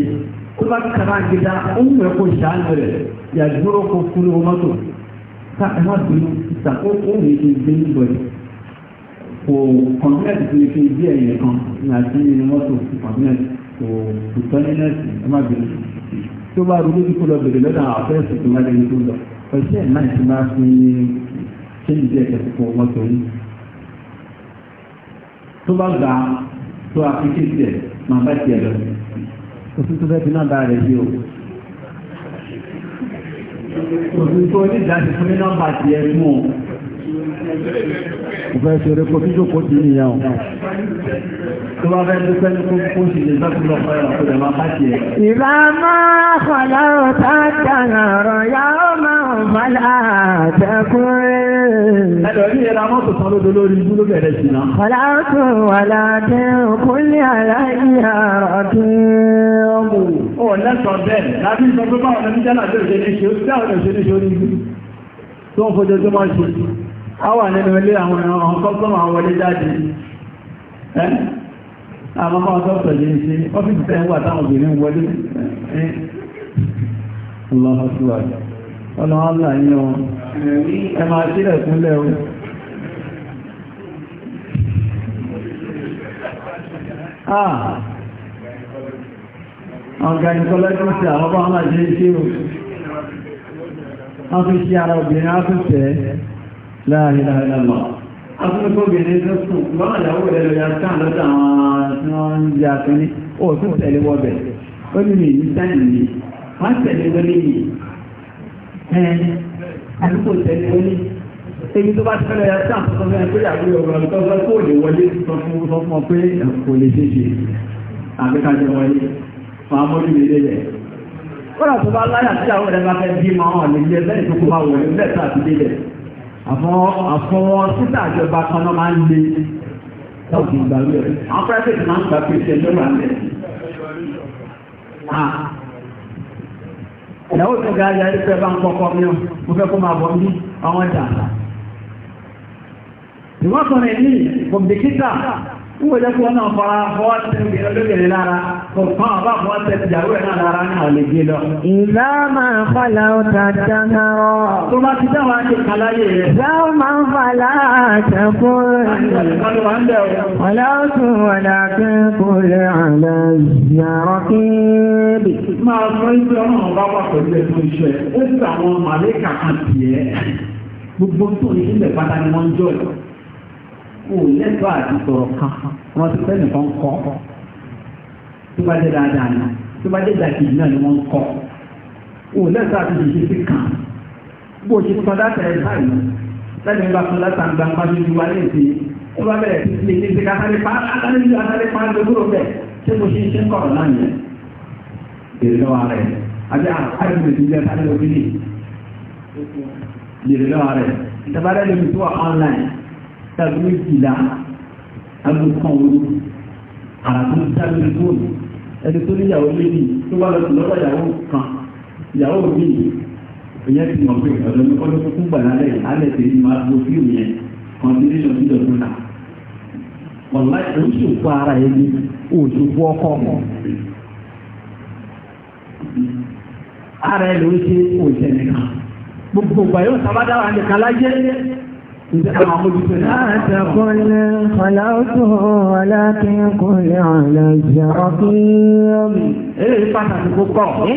kó bá kára gidá ó ń wẹ̀ kó ṣàánú rẹ̀ yàgbóró kó fúnú mọ́tò ká ẹ má bínú sísà ó ó lè ṣe gbé níbọ̀ yìí kò kọ̀ǹpínẹ̀tì tó lè ṣe bí ẹ̀yìn kan ní àti nínú mọ́tò kọ̀ǹpínẹ̀tì kò kò tọ́ nínẹ̀tì ẹ má bínú tí ó bá rú lójú kó lọ bèrè lọ́dọ̀ àwọn afẹ́sì tó má lè ní tó lọ ọ̀sẹ̀ náà ti máa fi ṣé ìdí ẹ̀kẹ́ púpọ̀ mọ́tò yìí tó bá gbà tó àfikẹ́ tiẹ̀ máa bá tiẹ̀ lọ òṣìṣẹ́ onídàájú fún ní nọ́mbà ti ẹ̀ fún ọ ìfẹ́ ṣeré kó tíjó kó tí nìyàn o. tó bá fẹ́ tó sẹ́ni kó kó sì lè sọ́tún lọ fẹ́ ọ̀pọ̀ ìjọba bá ti ẹ̀. ìbá máa kọ̀lá ọ̀tá dànà ọ̀rọ̀ yá ó máa ń fàlà àtẹkùnrin. ẹ̀dọ̀ ní ìlà mọ́tò sọ lódo lórí ibú ló bẹ̀rẹ̀ sí náà. kọ̀lá tó wà láti kúnlẹ̀ aláìyá ọ̀dún. ó lẹ́sọ̀ bẹ́ẹ̀ láti sọ pé báwọn ọmọ níjẹ́ náà tó ṣe ní ṣe ó a nínú ilé àwọn ẹran kọ́kọ́mọ̀ àwọn wọlé jáde ẹ́ àwọn ọmọ ọ̀tọ́ọ̀tọ̀ ṣe ọ́fíìsì tẹ́ wà táwọn obìnrin wọlé ẹ́ ọlọ́ọ̀tọ́wà ah! àwọn ọmọ o wọ́n fi ṣe ara obìnrin á tẹ́ láàrínláàrínláà afúnikóbìnrin tó sùn lọ́nà ìyàwó rẹ̀ lọ́yà tán lọ́tà àwọn tí wọ́n ń jẹ́ àfẹ́ní ó tún tẹ̀lé wọ́bẹ̀ ó ní mi ní sáyìn mi wọ́n tẹ̀lé wọlé yìí ẹn àdúgbò tẹ̀lé wọlé ebi tó bá tẹ́lẹ̀ ya tán tó fẹ́ pé àbúrò ọ̀rọ̀ tó fẹ́ kó lè wọlé sọ fún sọ fún ọ pé kò lè ṣe ṣe àbíkájọ wọlé fún amójú mi àwọn àfọwọ́n títà ìjọba kan náà máa ń le láti ìgbà rẹ̀ àwọn private máa ń gbà pé ìṣẹ́jọ́ wà lẹ̀. Ah. ìyàwó tó ga ayé ẹgbẹ́ bá ń kọ́kọ́ mi ọ́ mo fẹ́ kó máa bọ̀ ní àwọn ọjà àgbà. ìwọ́n kan rẹ̀ ní kòmìtìkítà ń wọlé kí wọ́n náà fara fọwọ́ tẹ̀lé olóògbé lára. Kọ̀pá àbáfún wá tẹ́ ìyàwó ẹ̀ náà lára náà lè gbé lọ. Ìlà máa fàlà ọ̀tà dáhàrọ̀. Tó bá ti dáwà ṣe kàláyé rẹ̀. Láwọ́ máa ń fàlà àtẹ̀kùn rẹ̀. Ọlọ́tún wọ̀dà kẹ́kọ̀ọ́ rẹ̀ àlẹ́ ìyàrọ̀ kéèbì. Máa sọ ìgbẹ́ ọmọ bá wà pẹ̀lú ẹ̀tọ́ iṣẹ́ tó bá jẹ́ dáadáa náà tó bá jẹ́ dàkejì náà ni wọ́n ń kọ́ òun náà sáà ti ṣe sí kàn bó ṣe sọ látẹ̀rẹ̀ báyìí lẹ́nu ìgbà fún látàgbà pàṣẹ ìwà lè ṣe tó bá bẹ̀rẹ̀ sí ilé ṣe kásáré pa kásáré pa lóbúrò bẹ̀ ṣé mo ṣe ṣe ń kọ̀rọ̀ náà yẹn èrè lọ́wọ́ rẹ̀ àbí àkàrẹ̀mù ìdílé sáré òbílì èrè lọ́wọ́ rẹ̀ ìtàbárẹ̀ lómi tó wà online tàbí ìlà agbókan òru àràtúntàbí fóònù ẹni tó níyàwó méjì tó bá lọ sí lọ́wọ́ ìyàwó kan ìyàwó mi ìyẹn ti mọ̀ pé ọ̀dọ́ ní ọdún fún gbà lálẹ́ alẹ́ máa gbó fíìmù yẹn kọ́ńtínésọ̀n ti dọ̀tún náà ọ̀la oṣù ara ẹni oṣù fún ọkọ ara ló ṣe gbogbo ìgbà yóò sábà dára nìkan lájẹ́ لا تقل خلاص ولكن قل على الجرقين إن أكرمكم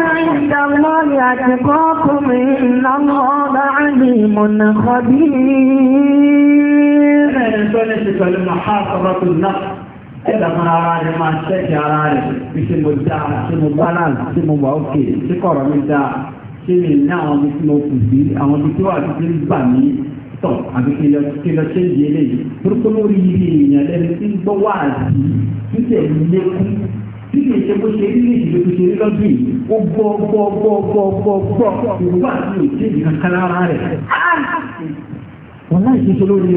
عند الله أتقاكم إن الله عليم خبير إن سنتك لمحافظة النفس إذا من أراد ما أشتكي على عارف باسم الدعم باسم الضلال باسم الموكي من دعم ṣé ní àwọn ibi tí mo kù sí àwọn ibi tí wà á ti gbà mí tọ̀ àbí kí lọ ndị ṣe ń di eléyìí torípé lórí iye èèyàn lẹ́nu tí ń gbọ́ wá àdì títí lékún bó ṣe rí ṣe rí lọ́dún yìí ó gbọ́ gbọ́ gbọ́ gbọ́ gbọ́ gbọ́ kankan lára rẹ̀ láì lórí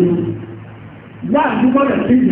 rẹ̀ ṣe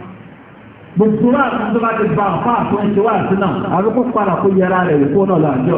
gbogbo wa tó bá ti ba àfa àtúnṣe wa sí náà àbíkú padà kó yẹra rẹ̀ wò kó náà lọ àjọ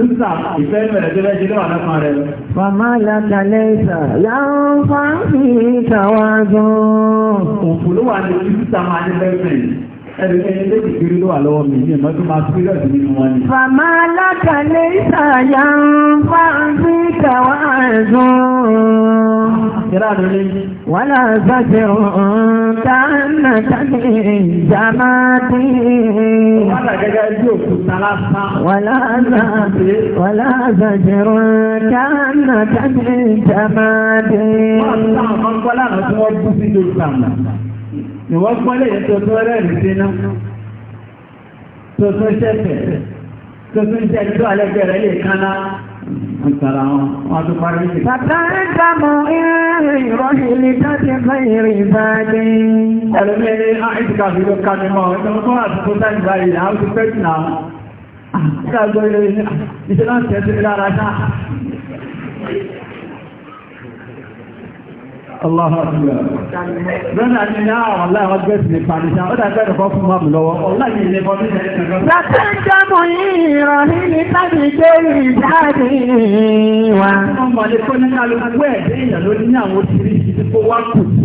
Sísà ìfẹ́ mẹ́rẹ̀ tí lẹ́jì lọ́wọ́ ìsà láàrín fàáfì ìtàwà gan-an. Òfin ló wà ní sísà bẹ́ẹ̀ ẹ̀rẹ̀kẹ́yẹ lè kìkiri ló wà lọ́wọ́ mi ni. Fàmà alákàlẹ̀ ìsàyà ń fà ń sí kàwà ẹ̀sùn. ni. Wà láà sàṣẹ òun dáná tàbí ìjàmá tí. Wà láà gẹ́gẹ́ bí òkúta lásán. Wà láà wà láà sàṣẹ òun dáná tàbí ìjàmá tí ìwọ́n pọ́lẹ̀ yẹn tó tó rẹ̀rìn síná tó tó ṣẹ́fẹ̀ tó tó jẹ́ tó alẹ́gbẹ̀rẹ̀ lè kánná Àtàrà wọn, wọ́n tó parí sí. Bàbá ń dámọ̀ ìrìn ìrọ́ṣì lè dájẹ́ fẹ́ ìrìn ìbáadé. Ẹlùmẹ́rin àìsíkà ah, fi ló ká mímọ̀, ìtọ́mọ́ tó wà tó tó Allah akbar. Brother ni náà ọ̀la ẹ̀wọ̀n gbé sí Pàdísán, ó dàgbẹ́ ẹ̀kọ́ fún mọ́mù lọ́wọ́. Ọ̀la yìí lè bọ́ nílẹ̀ ẹ̀kọ́. Lọ́sẹ̀ ń jẹ́ mọ̀ yìí ìrọ̀lẹ́ ní tàbí gbé ìjáde wa. Ọmọ ìlẹ́kọ́ ní kálukú ẹ̀dẹ́ ìyàn ló ní àwọn oṣìṣẹ́ ìṣẹ́ tó kù sí.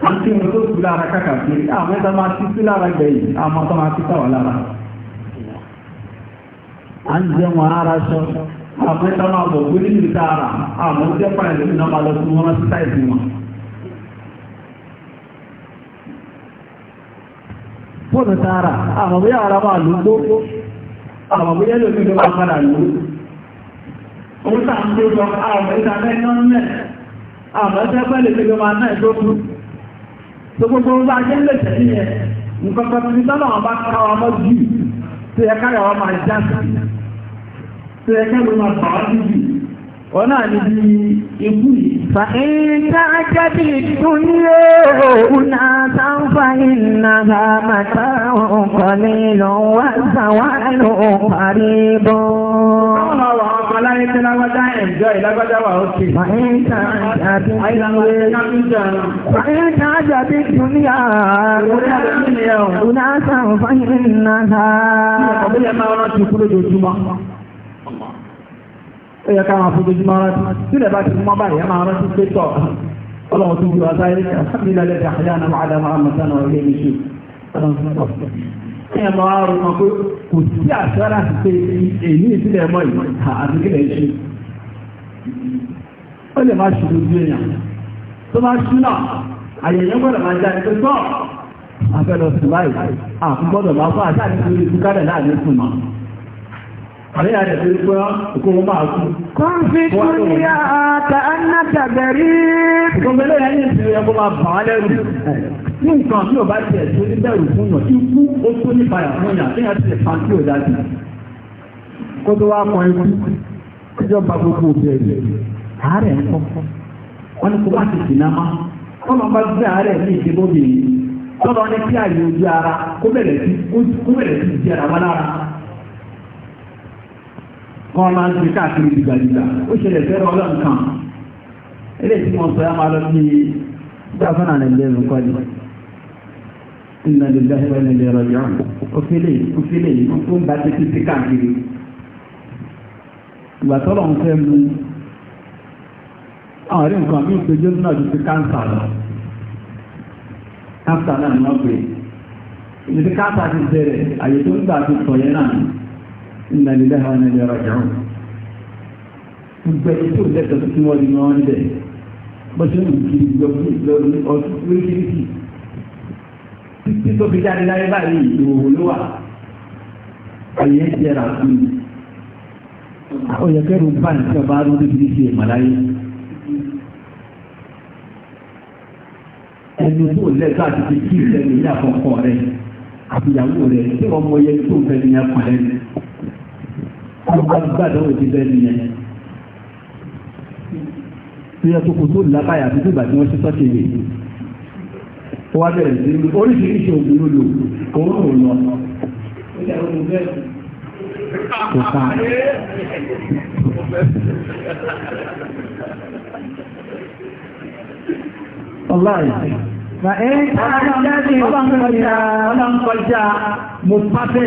àti ohun tó sì lára kákàkiri àwọn ah, ẹ̀ta máa ti sí lára gbẹ̀yìn àwọn ah, ọmọ máa ti sáwà lára à ń ara ṣọ àwọn ahụ máa bọ̀ gbé nínú ìta ara pàìlú máa lọ sí wọn sí táìsì wọn. fóònù tààrà gbogbo àwọn ọmọ yẹ́lò ní ìjọba padà lò ó sàmúlò àwọn ọmọ ìta mẹ́rin náà mẹ́rin náà tó gbogbo bá jẹ́ lẹ́sẹ̀ ní yẹn nǹkan kan tuntun tọ́lọ̀ wọn bá ká wa mọ́ jù tó yẹ ká yà wọ́n máa já sí tó yẹ ọ̀nà níbi ikú yìí. Fàíntà jáde dúnyé òun àtàǹfà iná àmàtà ọ̀kọ̀lẹ̀ lọ wá sàwálò parí bọ́. Àwọn ọ̀rọ̀ ọ̀kan láyé tí lágbájá ẹ̀jọ́ ìlágbájá wà ó sì. Fàíntà jáde dúnyé. Fàíntà jáde dúnyé òun àtàǹfà iná àmàtà. Ọ̀bí ẹ̀ máa rántí kúrò lójúmọ́ ó yẹ ká máa fojoojúmọ́ rántí sílẹ̀ bá ti mọ́ báyìí ẹ máa rántí pé tọ̀ ọlọ́run tó wúlò àtàrí alhamdulillah lẹ́dẹ̀ àyà náà máa dá máa mọ̀tán náà lé níṣu ọlọ́run tó wọ̀ ẹ máa rò kò sí àṣọ́ra ti pé èyí ìsílẹ̀ mọ́ yìí àti kílẹ̀ ṣe ó lè má ṣubú ju èèyàn tó bá ṣú náà àyẹ̀yẹ́ gbọ́dọ̀ máa jáde pé tọ́ àfẹ́ lọ sùn báyìí àfi gbọ́dọ̀ máa fọ́ àṣà عليها يسيركم يكون معكم كن في الدنيا كأنك غريب كن بلا ينسي يقول أبا على nǹkan tí ò bá tiẹ̀ tó ní bẹ̀rù fún yàn ikú ó tó ní fàyà fún yàn tí yàn ti lè fan tí ò dájú kó tó wá kan ikú kíjọba gbogbo bẹ̀rẹ̀ àárẹ̀ ń kọ́kọ́ wọn ni kó bá ti sì náà má wọn máa bá gbé àárẹ̀ ní ìdíbò bìrì tọ́lọ́ ní kí àyè ojú ara kó bẹ̀rẹ̀ sí jẹ́ra wọn kan máa ń ti káàkiri dìgbàdìgbà ó ṣẹlẹ̀ fẹ́rẹ̀ ọlọ́run ilé tí mo sọ máa lọ sí gbàfọ́nà nàìjíríà ló kọ́ ni ìnàdì dáhùn ẹni lè rọjò ọ̀hún òfìlè òfìlè ó ń bá títí sí káàkiri ìgbà tọ́lọ̀ ń fẹ́ àwọn nǹkan náà ti fi káńsà lọ káńsà náà ni wọ́n pè é ìdí káńsà ti bẹ̀rẹ̀ àyè tó ń gbà náà inna lillahi wa inna ilayhi raji'un gbogbo ẹni tó lẹ́tọ̀ọ́ tó ti wọ́n ní wọ́n dẹ̀ bó ṣe ń kiri lọ́dún ọdún oríṣiríṣi títí tó fi jáde láyé báyìí ìwòwò ló wà àyè jẹrà fún mi ó yẹ kẹrù bá nǹkan bá rún tó fi ṣe ìmọ̀láyé tó lẹ́tọ̀ọ́ àti ti kí ìṣẹ́ni ní àkọ́kọ́ rẹ̀ àbíyàwó rẹ̀ tí wọ́n mọ iye tó fẹ́ ní akọ̀lẹ́ni ọgbà gbàdánwò ti bẹ́ẹ̀ nìyẹn tí ẹ tó kò tó lábáyà àti bíbà tí wọ́n ṣe sọ́kè lè wá bẹ̀rẹ̀ sí oríṣiríṣi ògùn ló lò òun ò lọ kò ká ọláyìí ọlọ́nkọjá mo pàtẹ́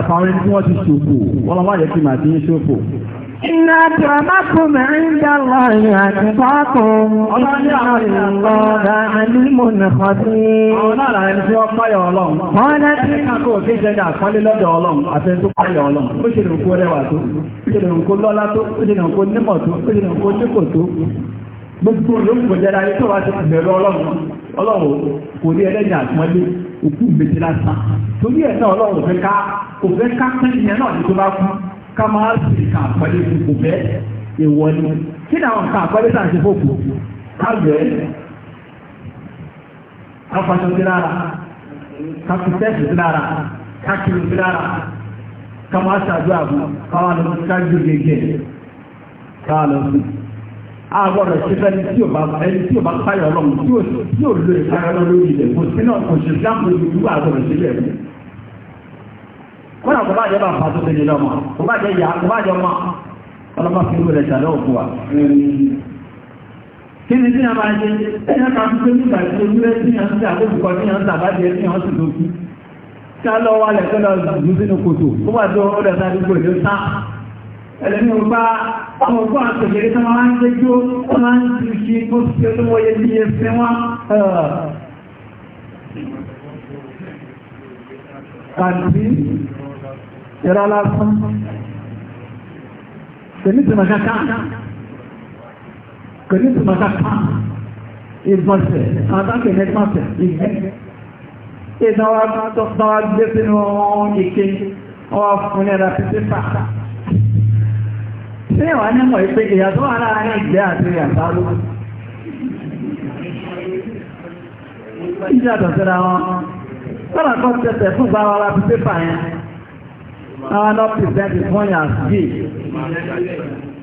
àtàwọn ẹni tí wọ́n ti ṣòfò wọ́n lọ máa jẹ́ kí màá ti ń ṣòfò. Iná tí a máa kú mẹ́rin dá lọ ìrìn àti pákó. Ọlọ́run lọ́dà àlímọ̀ nìkan sí. Àwọn náà lára ẹni tí wọ́n páyọ̀ ọlọ́run. Wọ́n náà ti ń kàkó òfin jẹ́jà àpọ́nlé lọ́dọ̀ ọlọ́run àti ẹni tó páyọ̀ ọlọ́run. Ó ṣe lè kó rẹwà tó, ó ṣe lè kó lọ́lá tó, ó ṣe lè kó nímọ̀ tó, ó ṣe lè kó nípò tó. Gbogbo olóògùn jẹ́ra ẹni tó wá ti bẹ̀rù ọlọ́run. Ọlọ́run kò rí òkú gbèsè lásán torí ẹ̀ náà ọlọ́run fẹ́ ká kò fẹ́ ká pẹ́yìn yẹn náà ní tó bá kú ká máa sì kà pẹ́lú kò fẹ́ ìwọ ni kí ni àwọn nǹkan àpẹẹrẹ sáà ń ṣe fòkù ká lọ ẹ ká faṣọ sí lára ká fi tẹ́sì sí lára ká kiri sí lára ká máa ṣàdúrà bù ká wà lọ ká gbé gègé ká lọ àgbọ̀dọ̀ ṣe fẹ́ni tí ò bá ẹni tí ò bá fáyọ̀ ọlọ́run tí ò tí ò lo ìfara lọ lórí ilẹ̀ kò sí náà kò ṣe dáàbò ìlú àgbọ̀dọ̀ ṣe bẹ́ẹ̀ mú. wọ́n náà kò bá jẹ́ bá fa tó tẹ̀lé lọ́mọ kò bá jẹ́ yà kò bá jẹ́ ọmọ ọlọ́mọ fi wọlé ṣàlẹ́ òkú wa. kí ni tí a máa ṣe ẹ̀yà kan tó ní ìgbà tí ewúrẹ́ tí a ń ṣe àkókò tí a ń ṣe àbájẹ tí a ń ṣe lókù. ká lọ wálẹ̀ kó lọ ẹlẹ́ni ọgbá ọmọ ọgbọ́n àtẹ̀gẹ̀rẹ́ tó máa ń gbẹ́jọ́ tó máa ń ju ṣe tó ṣe tó wọ́n yẹ bí ẹsẹ̀ wọn kàdí ẹ̀rọ lásán kẹ̀mí tí màkà ká kẹ̀mí tí màkà ká ìgbọ̀nsẹ̀ àtàkẹ̀ nẹ́gbọ̀nsẹ̀ ìgbẹ́ ìdáwà gbé sínú ìké ọwọ́ fún ẹ̀rọ pípẹ́ pàtàkì tí ẹ̀wà nímọ̀ ìpé ìyàtọ̀ ara ní ìgbẹ́ àti ìyàtàlú ìjàtọ̀ síra wọn sọ́nà kan tẹ́tẹ̀ fún bára wa fi pépà yẹn àwọn lọ́pìsẹ́ntì fún yà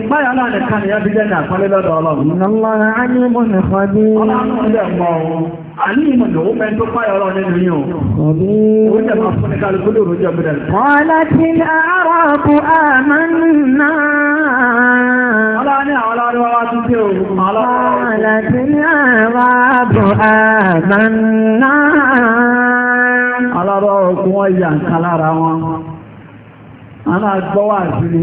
Ìpáyà láàrin kan ìyá bíjẹ́ ní àpọ́lé lọ́dọ̀ ọlọ́run. Ọlọ́run á ní mọ́ ní fọ́dí. Ọlọ́run ó dẹ̀ mọ́ ohun. Àní ìmọ̀ lòó fẹ́ tó páyà ọlọ́run nínú yóò. Ó jẹ́ máa fún ní kálukú lóòrùn jẹ́ bídẹ̀. Ọlá ti ní ń kan wọn. Àwọn àgbọ́wà sí ni.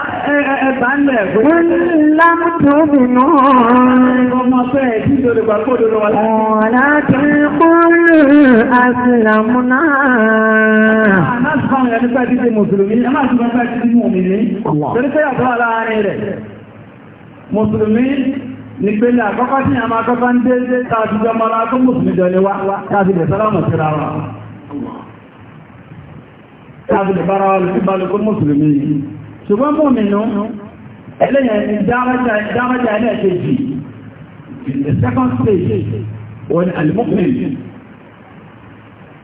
ẹ̀ẹ́sànlẹ̀ fún lámùtòbìnú ọmọ fẹ́ tí lórí gbàkódò lọ ọ̀nà tí kúrò àṣìlàmúná Àmásùfàmù ẹni pẹ́ títí mùsùlùmí, àmásùfàmù ẹni pẹ́ títí mùmìnì, torí pé àtọ́ aláàárín rẹ̀. Mùsùlùmí nígbélé àkọ́kọ́ tí a máa kọ́kọ́ ń déédé tàbí jọmọ́lá tó mùsùlùmí jọ ní wá tàbí sọ́lọ́mù síra wa tàbí lè bára wa lè sí balùkún mùsùlùmí yìí ṣùgbọ́n mọ́ mi nù ẹlẹ́yìn dáwájá ẹlẹ́ẹ̀kejì the second stage wọn alimọ́kùnrin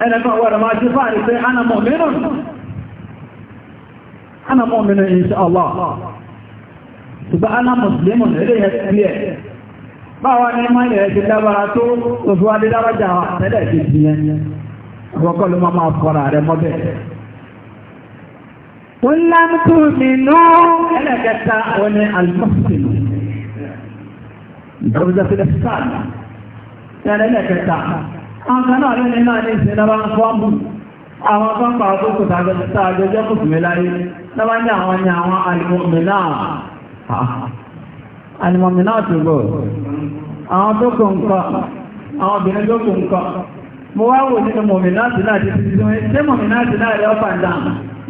ẹnẹ́kọ́ wọ́n máa jẹ́ fáàrí pé ana mọ́ mẹ́rùn ana mọ́ mẹ́rùn insha Allah ṣùgbọ́n ana mọ́sílẹ́mùn ẹlẹ́yìn báwa ní máa yẹ̀ ti wọ́n lámtú mi náà ẹlẹ́gẹta wọ́n ní almọ́sílù ìjọba fílẹ̀ sáàlì ẹlẹ́gẹta àwọn kan náà lónìí náà ní ìsinmi náà ń fọ́ mú àwọn kan pa àkókò tààjọ jẹ́ kùsùmí láyé lọ́wọ́ ní àwọn ní àwọn alìmọ̀mìnà àtúgbò àwọn tó kò nǹkan àwọn obìnrin tó kò nǹkan mo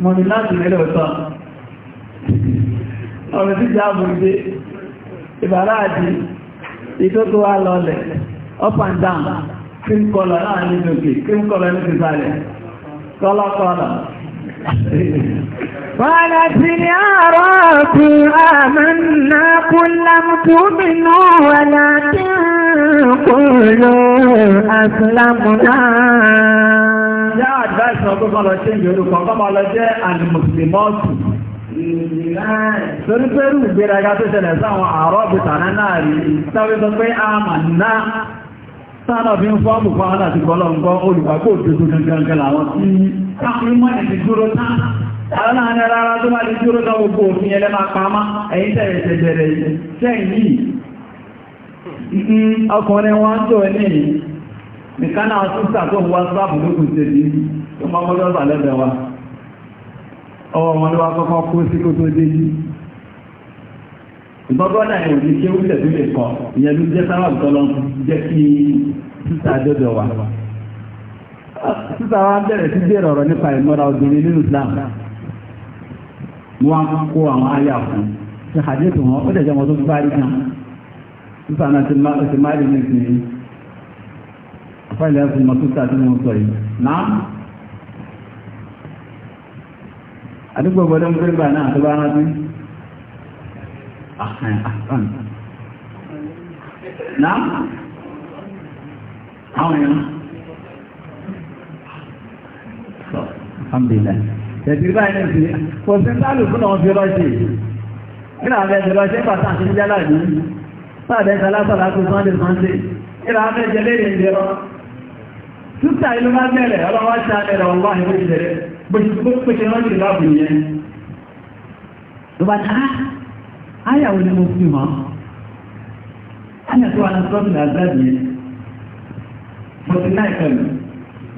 mo ní láti mẹ́lẹ̀ ọ̀tọ́ ọ̀rọ̀ tí jáàbù dé ìbáraàdì up and down cream color láàrin lókè cream color ní ìsàlẹ̀ color color قالت يا رب آمنا já àdáìsì ọgbọ́n kan lọ ṣe ń gbèrú kan kọ́mọ lọ jẹ́ àlùmùsùlùmọ́ọ̀tù torí pé ìgbéraga tó ṣẹlẹ̀ sáwọn àárọ̀ bùtàná náà rí sáré pé a mà ná sáànà fi ń fọ́ọ̀mù fún àwọn àti kọ́lọ̀ ń gbọ́ gangan làwọn tí káàkiri mọ́ dúró tán àwọn àni rárá tó bá lè dúró tán gbogbo òfin pamá ẹ̀yìn tẹ̀rẹ̀ tẹ̀rẹ̀ nìkan náà sísà tó wá sáàbù lókù tèbí tó máa mọ́jọ́ bà lẹ́bẹ̀ wa ọwọ́ wọn ló wá kọ́kọ́ kó sí kó tó dé yìí ìgbọ́gbọ́dà ẹ̀ òní ṣé ó tẹ̀sí lè kọ́ ìyẹn ló jẹ́ sáwà tọ́lọ́ jẹ́ kí sísà dọ́dọ̀ wa sísà wa bẹ̀rẹ̀ sí bẹ̀rẹ̀ ọ̀rọ̀ nípa ìmọ́ra obìnrin nínú Islam wọ́n kó àwọn ayé àfún ṣe àdéhùn wọn ó dẹ̀ jẹ́ wọn tó bá rí kan sísà náà ti má àfáìlẹ̀ ẹ̀fún mọ̀tútà tí mo sọ yìí náà àdúgbò gbọdọ̀ ń gbé gbà náà tó bá rántí náà àwọn èèyàn sọ alhamdulilayi tẹ̀sí báyìí ní ti kò sí sálù fún àwọn fi rọ́ọ̀ṣì kí náà fẹ́ ti rọ́ọ̀ṣì pàtàkì àti ìjálá yìí sáà dẹ́ka lásàlá Sútà ìlú máa bẹ̀rẹ̀ ọlọ́wọ́ ṣàbẹ̀rẹ̀ ọlọ́wọ́ ìwé ìṣẹ̀rẹ̀ bó ṣe rántí lọ́bù yẹn. Ló bá ní áyàwó ni mo fi mọ́. Áyà tó wà ní sọ́ọ̀tì àgbàdì yẹn. Forty nine pẹ̀lú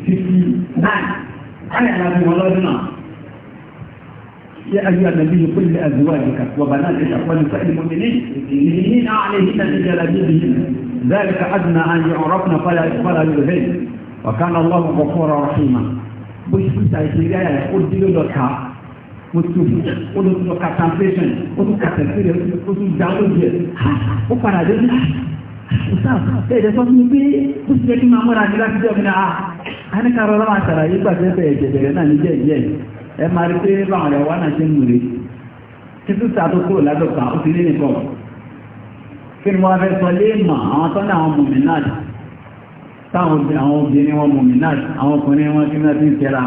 fifty nine. Áyà ni a fi mọ́ lọ́dún náà. يا أيها النبي قل لأزواجك وبناتك ونساء المؤمنين يدينين عليهن من جلابيبهن ذلك أدنى أن يعرفن فلا فلا يؤذين ọ̀kan ọlọ́run kọ̀ọ̀kan ọ̀rọ̀ ọ̀hìnmá bó ṣe fún ṣàìṣeré ayà ó dúró lọ́ka mo tún ó lọ lọ́ka translation ó tún kàtẹ́ sílẹ̀ ó tún dá lóde ẹ̀ ó padà dé ní ọ̀sán ẹ̀ẹ́dẹ̀ sọ fún mi pé ó ti jẹ́ kí máa múra nígbà tí jọ́mi náà á ní ká rọra máa ṣàlàyé gbàgbé bẹ́ẹ̀ jẹ̀jẹ̀rẹ̀ náà ní jẹ́jẹ́ ẹ máa rí pé báwọn ọ̀rẹ́ wa náà ṣe ń múre táwọn àwọn obìnrin wọn mọ̀mí náà àwọn ọkùnrin wọn tí wọ́n ti ń tẹ́ra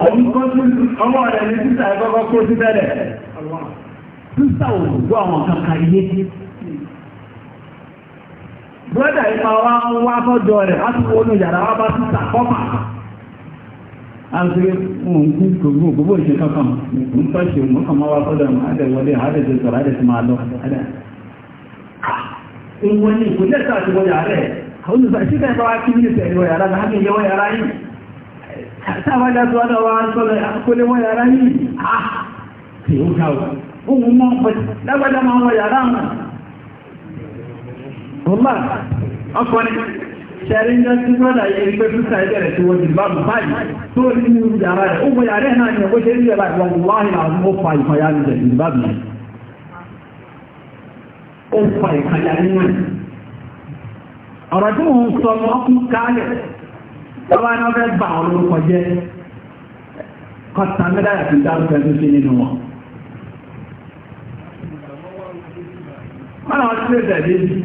wọn ọmọ rẹ̀ ní títà ẹgbọ́gbọ́ kó sí bẹ̀rẹ̀ títà òògbọ́ àwọn kankan iye tí brọ́dà ipa wa ń wá rẹ̀ láti yàrá wá bá títà kọ́pàá azuri mun kun kubu gubo shi kakan mun fashe mun kama wa fada mu ada wale hada da tsara da kuma Allah ada in wani ku da ta ci wani are haunu ba shi kai ba ki ne sai wa yara da hakan yawa yara yi ta ba da zuwa da wa so da ko ne wa yara yi ah ki u ka o mu mo ba da ba da ma wa yara mu wallahi akwai ṣẹ̀ríńjọ́ tí brọ́dà yẹ ipé fúnṣà ẹgbẹ̀rẹ̀ tí wọ́n ti bá mú báyìí tó rí ní orí ara rẹ̀ ó mọ̀ yàrá ẹ̀ náà ni ọgbọ́ ṣe rí ẹ̀bá ìwọ̀n wáhìn àwọn ó fa ìfàyà ní ìjẹ̀ ìbá mi ó fa ìfàyà nínú ẹ̀ ọ̀rọ̀ tí mò sọ mọ́ ọkùn kálẹ̀ lọ́wọ́ iná fẹ́ bà ọ́ lórúkọ jẹ́ kọ́ta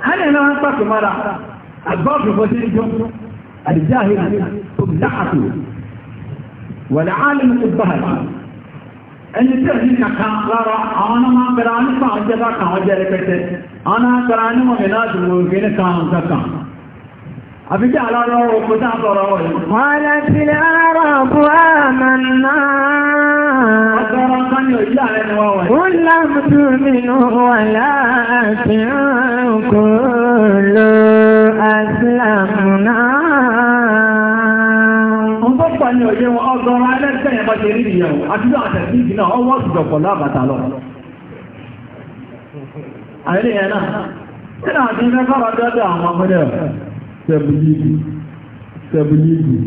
هل أنا أنطق مرة الباطل فسيلكم الجاهل تبدعته والعالم تبهر انا ما ആണമാ കറാനും സാധ്യത കാജരക്കട്ടെ انا കറാനും അതിനാ ദൂർഗിനെ കാണുക കാണും àbíjá aláwọ̀ òkú tá sọ̀rọ̀ wọ̀ yìí. wọ́n lè fi àárọ̀ bú àmà náà. ọ̀sọ̀rọ̀ kan ní òjì ààrẹ ni wọ́n wọ̀ wọ́n lámùtú mi nù wà láàfin kò lo àsìlámù náà. náà ọwọ́ tẹ̀bùlìgì tẹ̀bùlìgì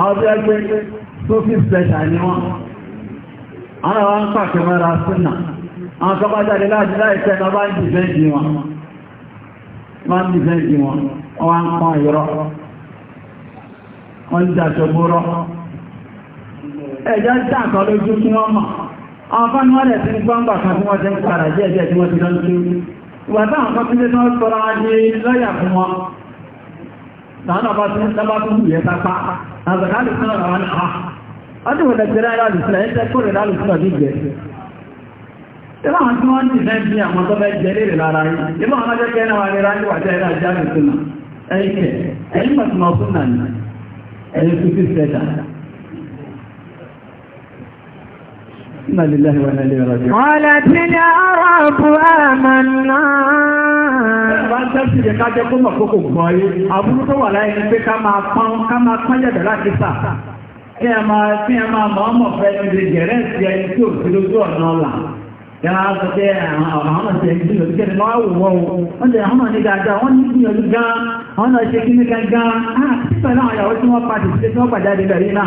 àwọn tí a gbé sófí sẹ́ṣà ní wọn àwọn àwọn ń pàkẹ mẹ́ra sínà àwọn tó bá jáde láti láìsẹ́ ọba ń dìfẹ́ǹdì wọn wọ́n ń dìfẹ́ǹdì wọn wọ́n ń pọ́n ìrọ́ wọ́n ń jàṣọ́gbóró ẹ̀jọ́ ń tàkọ́ lójú kí wọ́n mọ̀ àwọn fánúwádẹ̀ tí ń gbọ́ngbà kan tí wọ́n ti ń padà jẹ́ ẹ̀jẹ́ tí wọ́n ti lọ́n tí ìwà táwọn kan tí wọ́n tọ́ra ní lọ́yà fún wọn láàrín ọba tí wọ́n bá tún yẹ sápá àzàkálì ah, fún ọ̀rọ̀ wọn àá ọdún wọ̀lẹ̀ jẹ́ láàrùsùn ẹ̀ tẹ́ kórè láàrùsùn ọdún jẹ́ Ibá àwọn tí wọ́n fẹ́ bí àwọn tó fẹ́ jẹ́ lèrè lára yìí, ibá àwọn ọjọ́ kẹ́ẹ̀nà wà lè rájú wà jẹ́ ìrájá lè túnmà, ẹ̀yìn kẹ́, ẹ̀yìn pàtàkì ọkùnrin náà, ẹ̀yìn fífí fẹ́ta. Inna lillahi wa inna ilayhi máa pán ká máa ọmọ fẹ́ ní lè jẹ̀rẹ́ sí ẹni tí ò sí lójú ọ̀nà ọ̀la. Yàrá sọ pé àwọn ọmọ ti ẹni tí lòdì kẹ́ni máa wò wọ́n o. Wọ́n àwọn ní dáadáa, wọ́n ní gbìyànjú gan-an, àwọn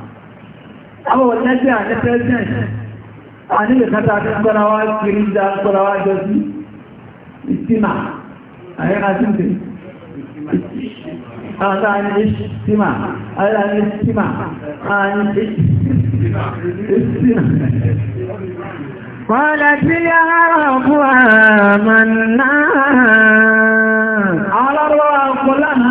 أول نجاة نجاة أنا خدعت الصلاوات كريم دا الصلاوات جزي استماع أي قاسم كريم هذا عن الاجتماع هذا عن الاجتماع عن الاجتماع قالت يا رب آمنا على الله قلنا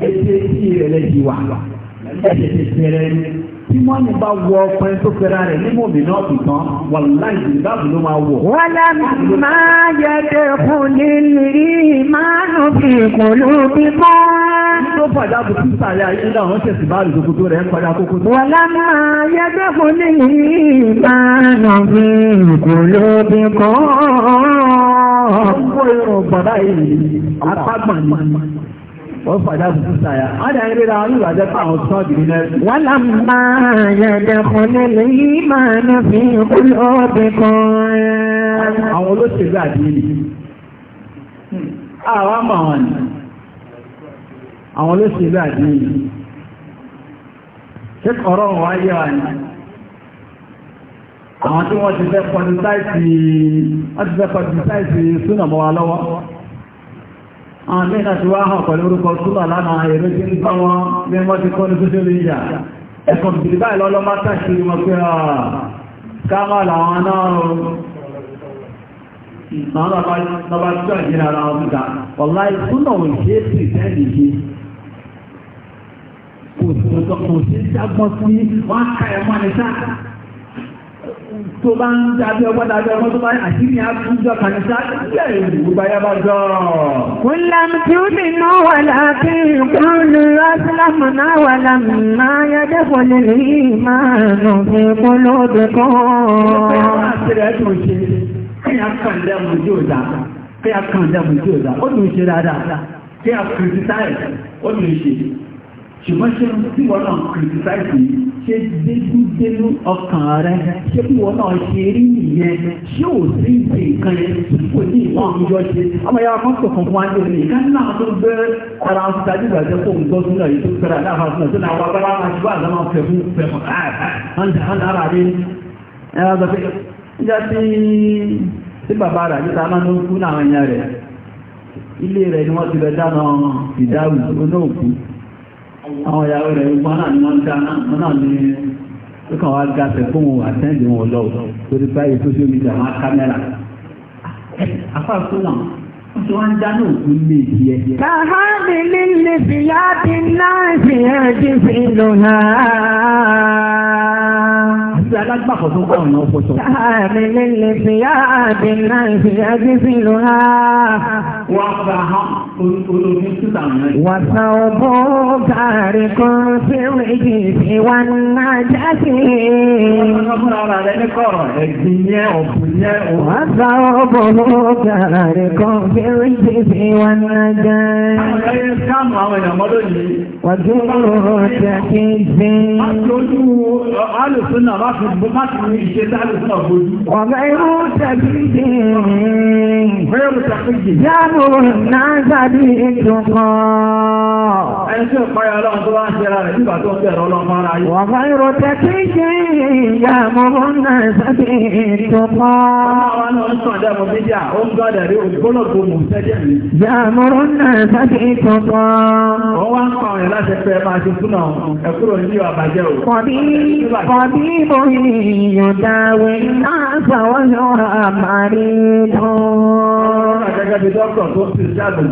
ẹsẹ̀ tí ìrẹ̀lẹ̀ yìí wà ẹsẹ̀ tí fẹ́rẹ̀ ni tí wọ́n ní bá wọ ọkùnrin tó fẹ́ra rẹ̀ ní mòmí náà tó tán wọ́n láì sí báàbù ló máa wọ̀. wọ́n lá máa yẹ kẹ́kù nílì máa nù fi kòlù bí mọ́. Tó padà bù sí sàlẹ̀ ayé náà wọ́n tẹ̀sí bá àlùkòkòtò rẹ̀ padà kókó tó. Wọ́n lá máa yẹ kẹ́kù nílì máa nù fi kòlù bí mọ́. Ó ń kó irun bàbá yìí, apá gbọ̀n ni wọ́n fàdá tuntun sáyà. a dà ń ríra àwọn ìwàjẹ́ fún àwọn tó dìrí náà. wọ́n là ń bá yẹ̀dẹ̀ kọ́lé lèyí máa ń fi kúlọ̀ ọ̀bẹ kan. àwọn olóṣèlú àdínì àwọn àmà wọn ni àwọn olóṣèlú àdínì ṣé kọ̀rọ̀ wọn wáyé wa ni àwọn tí wọ́n ti fẹ́ pọ̀lú sáìsì súnà mọ́ wa lọ́wọ́. àwọn mẹ́ta ti wá hàn pẹ̀lú orúkọ súlọ̀ lánàá èrò tí ń bá wọn ti kọ́ ní social media ẹ̀kọ́ bìbìrì báyìí lọ́lọ́ má tàṣírí wọn tó bá ń dábẹ́ ọgbọ́n dábẹ́ ọgbọ́n tó bá ń àṣírí àtúnjọ kàníṣà ilẹ̀ ìlú báyá bá jọ. Kúnlẹ̀m tí ó lè ná wà láti ìkúnlù Ásílámù náà wà lámà yẹ́dẹ́ fòlè ní ìmáànù fi polóde kan. Ṣé wọ́n á ṣe rẹ̀ tó ń ṣe? Kí a kàn dẹ́mu jò dá. Kí a kàn dẹ́mu jò dá. Ó lè ṣe dáadáa. Kí a kìrìtìsáì. Ó lè ṣe. Ṣùgbọ́n ṣé tí wọ́n náà kìrìtìsáì ṣe dédúdénú ọkàn rẹ ṣé kí wọn náà ṣe rí nìyẹn ṣé ò sí ìdè nǹkan yẹn tí kò ní ìwọ̀n àwùjọ ṣe ọmọ yàrá kan tó fún wa lórí ìka náà tó gbé ara ń sa nígbà tó kó ń gbọ́ sí náà yìí tó fẹ́ra láfa fún ọ̀tún àwọn abẹ́rẹ́ àwọn aṣọ àgbà máa fẹ́ fún fẹ́ fún ọ̀hán ara rẹ ẹ̀rọ sọ pé nígbà tí tí bàbá rà níta máa ń kú náà ẹ̀yà rẹ̀ ilé rẹ̀ ni wọ́n ti lọ dáná ìdáhùn olóòkú àwọn ìyàwó rẹ̀ gbọ́n náà ni wọ́n dáná wọn náà ni ó kàn wá gàtẹ̀ fún òun àtẹ́ǹdì wọn lọ torí báyìí social media wọn á kámẹ́rà afáàfin náà tí Kàhámi líle fìyàtì náà fi hàn fi lò Kàhámi líle fìyàtì náà fi hàn fi lò náà. Wọ́n fà á kan sí méjì sí wà náà jásí. Wọ́n fà á òbó kan sí بالعزف والنجاة وجوه تكذب وغير تكذب يامر الناس بالتقى وغير تكذب يامر الناس بالتقى Yàmùrú náà sábì ìtọ̀tọ̀. Ó wá ń pa ọ̀rẹ́ láti fẹ́ máa ṣe súnà ẹ̀kúrò ní àbájẹ́ o. Kọ̀bí kọ̀bí mo yìnyín dáwé náà sàwọn yóò àmàrí lọ. Gẹ́gẹ́ bí dókítà tó ti jáde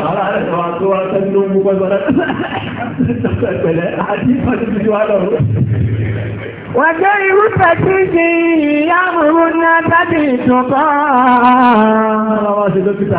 àwọn àrẹ̀ àwọn tó wá tẹ́lú ló ń mú pẹ́lú ọ̀rẹ́ pẹ̀lẹ́ àti ìfọ̀síjú wá lọ́rùn. Wàjẹ́ irúfẹ́ tí ṣe ìyáàmùrú náà tàbí ìtùkọ́. ṣe dókítà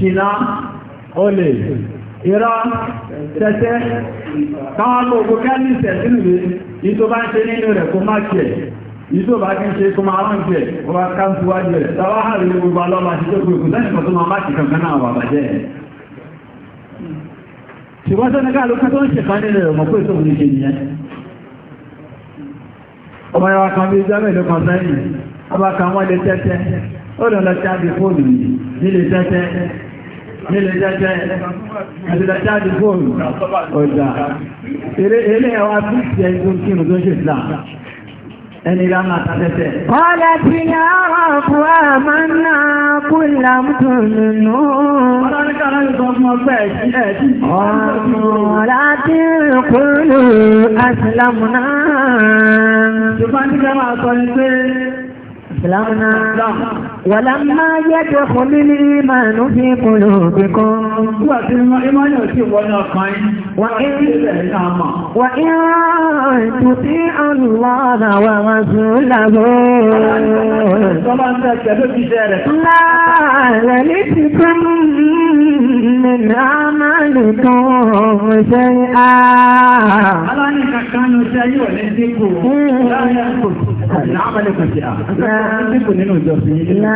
sina olè ìrọ́ tẹ́tẹ́ káwọn kò kò kẹ́lì ìṣẹ̀sínú ito ìtò bá ń ṣe nínú rẹ̀ kó má kẹ́ o bá kí ṣe kó máa rán jẹ́ wọ́n ká ń fúwájú rẹ̀ tàwá gbogbo alọ́mà sí tó gbogbo ó lọ lọ ṣáàdì fóònù nílé tẹ́tẹ́ nílé tẹ́tẹ́ àti lọ ṣáàdì fóònù ọjà ilé ẹwà bí i ṣe tó kí tó ṣe ìlà ẹni ìlà máa ta tẹ́tẹ́. Kọ́lá ti yá ọ̀pọ̀ àmọ́ náà kú làmùtò nínú. Ọ̀rọ̀ àti ìkúlù àṣìlámùná. Ṣùgbọ́n ní ولما يدخل الإيمان في قلوبكم وإن تطيع الله ورسوله لا لنتكم من أعمالكم شيئا لا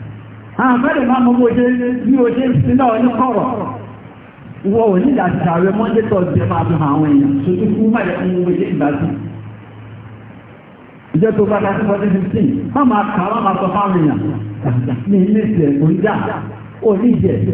àmẹ́rẹ̀ máa mọ́ ní oṣe sí náà ní wọ́n ò ní ìdásíta rẹ mọ́ndé tó jẹ́ máa fi àwọn èèyàn ṣojú fún mẹ́rẹ̀ fún gbogbo ìṣe ìdásí ìjẹ́ tó bá sí fọ́dí fifteen má máa kà má máa sọ fáwọn èèyàn ní ilé ìjẹ̀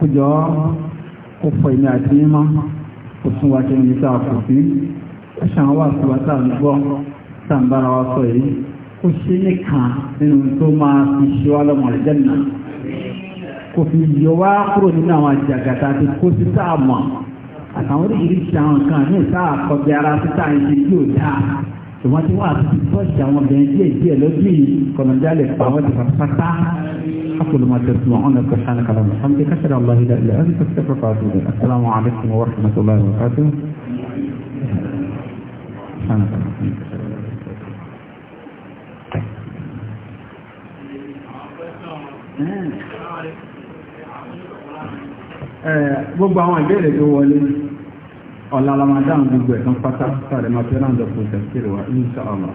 kó jọ kó fọ ìní àti mímọ́ kó tún wá jẹun níta àkùnfí ẹ̀ṣẹ̀ àwọn àtúwà tá à ń gbọ́ tá à ń bára wa sọ yìí kó ṣe nìkan nínú tó wa fi ṣe wá lọ́mọ rẹ̀ jẹ́nà kò fi yọ wá kúrò nínú àwọn àjàgàtà àti kó sí sáà mọ̀ àtàwọn oríṣiríṣi àwọn kan ní sáà kọbi ara títà ìṣe tí ò dáa ṣùgbọ́n tí wọ́n àti ti tọ́jú àwọn obìnrin díẹ̀ díẹ̀ lójú yìí kọ̀nàjálẹ̀ pàwọ́ ti pàtàkì أقول ما تسمعون سبحانك اللهم وبحمدك أشهد الله لا إله إلا أنت أستغفرك وأتوب السلام عليكم ورحمة الله وبركاته سبحانك اللهم وبحمدك gbogbo àwọn ìbéèrè tó wọlé ọ̀la la máa dáhùn gbogbo pátá sáré máa fi ránṣẹ́ fún ìṣẹ̀kiri wa insha Allah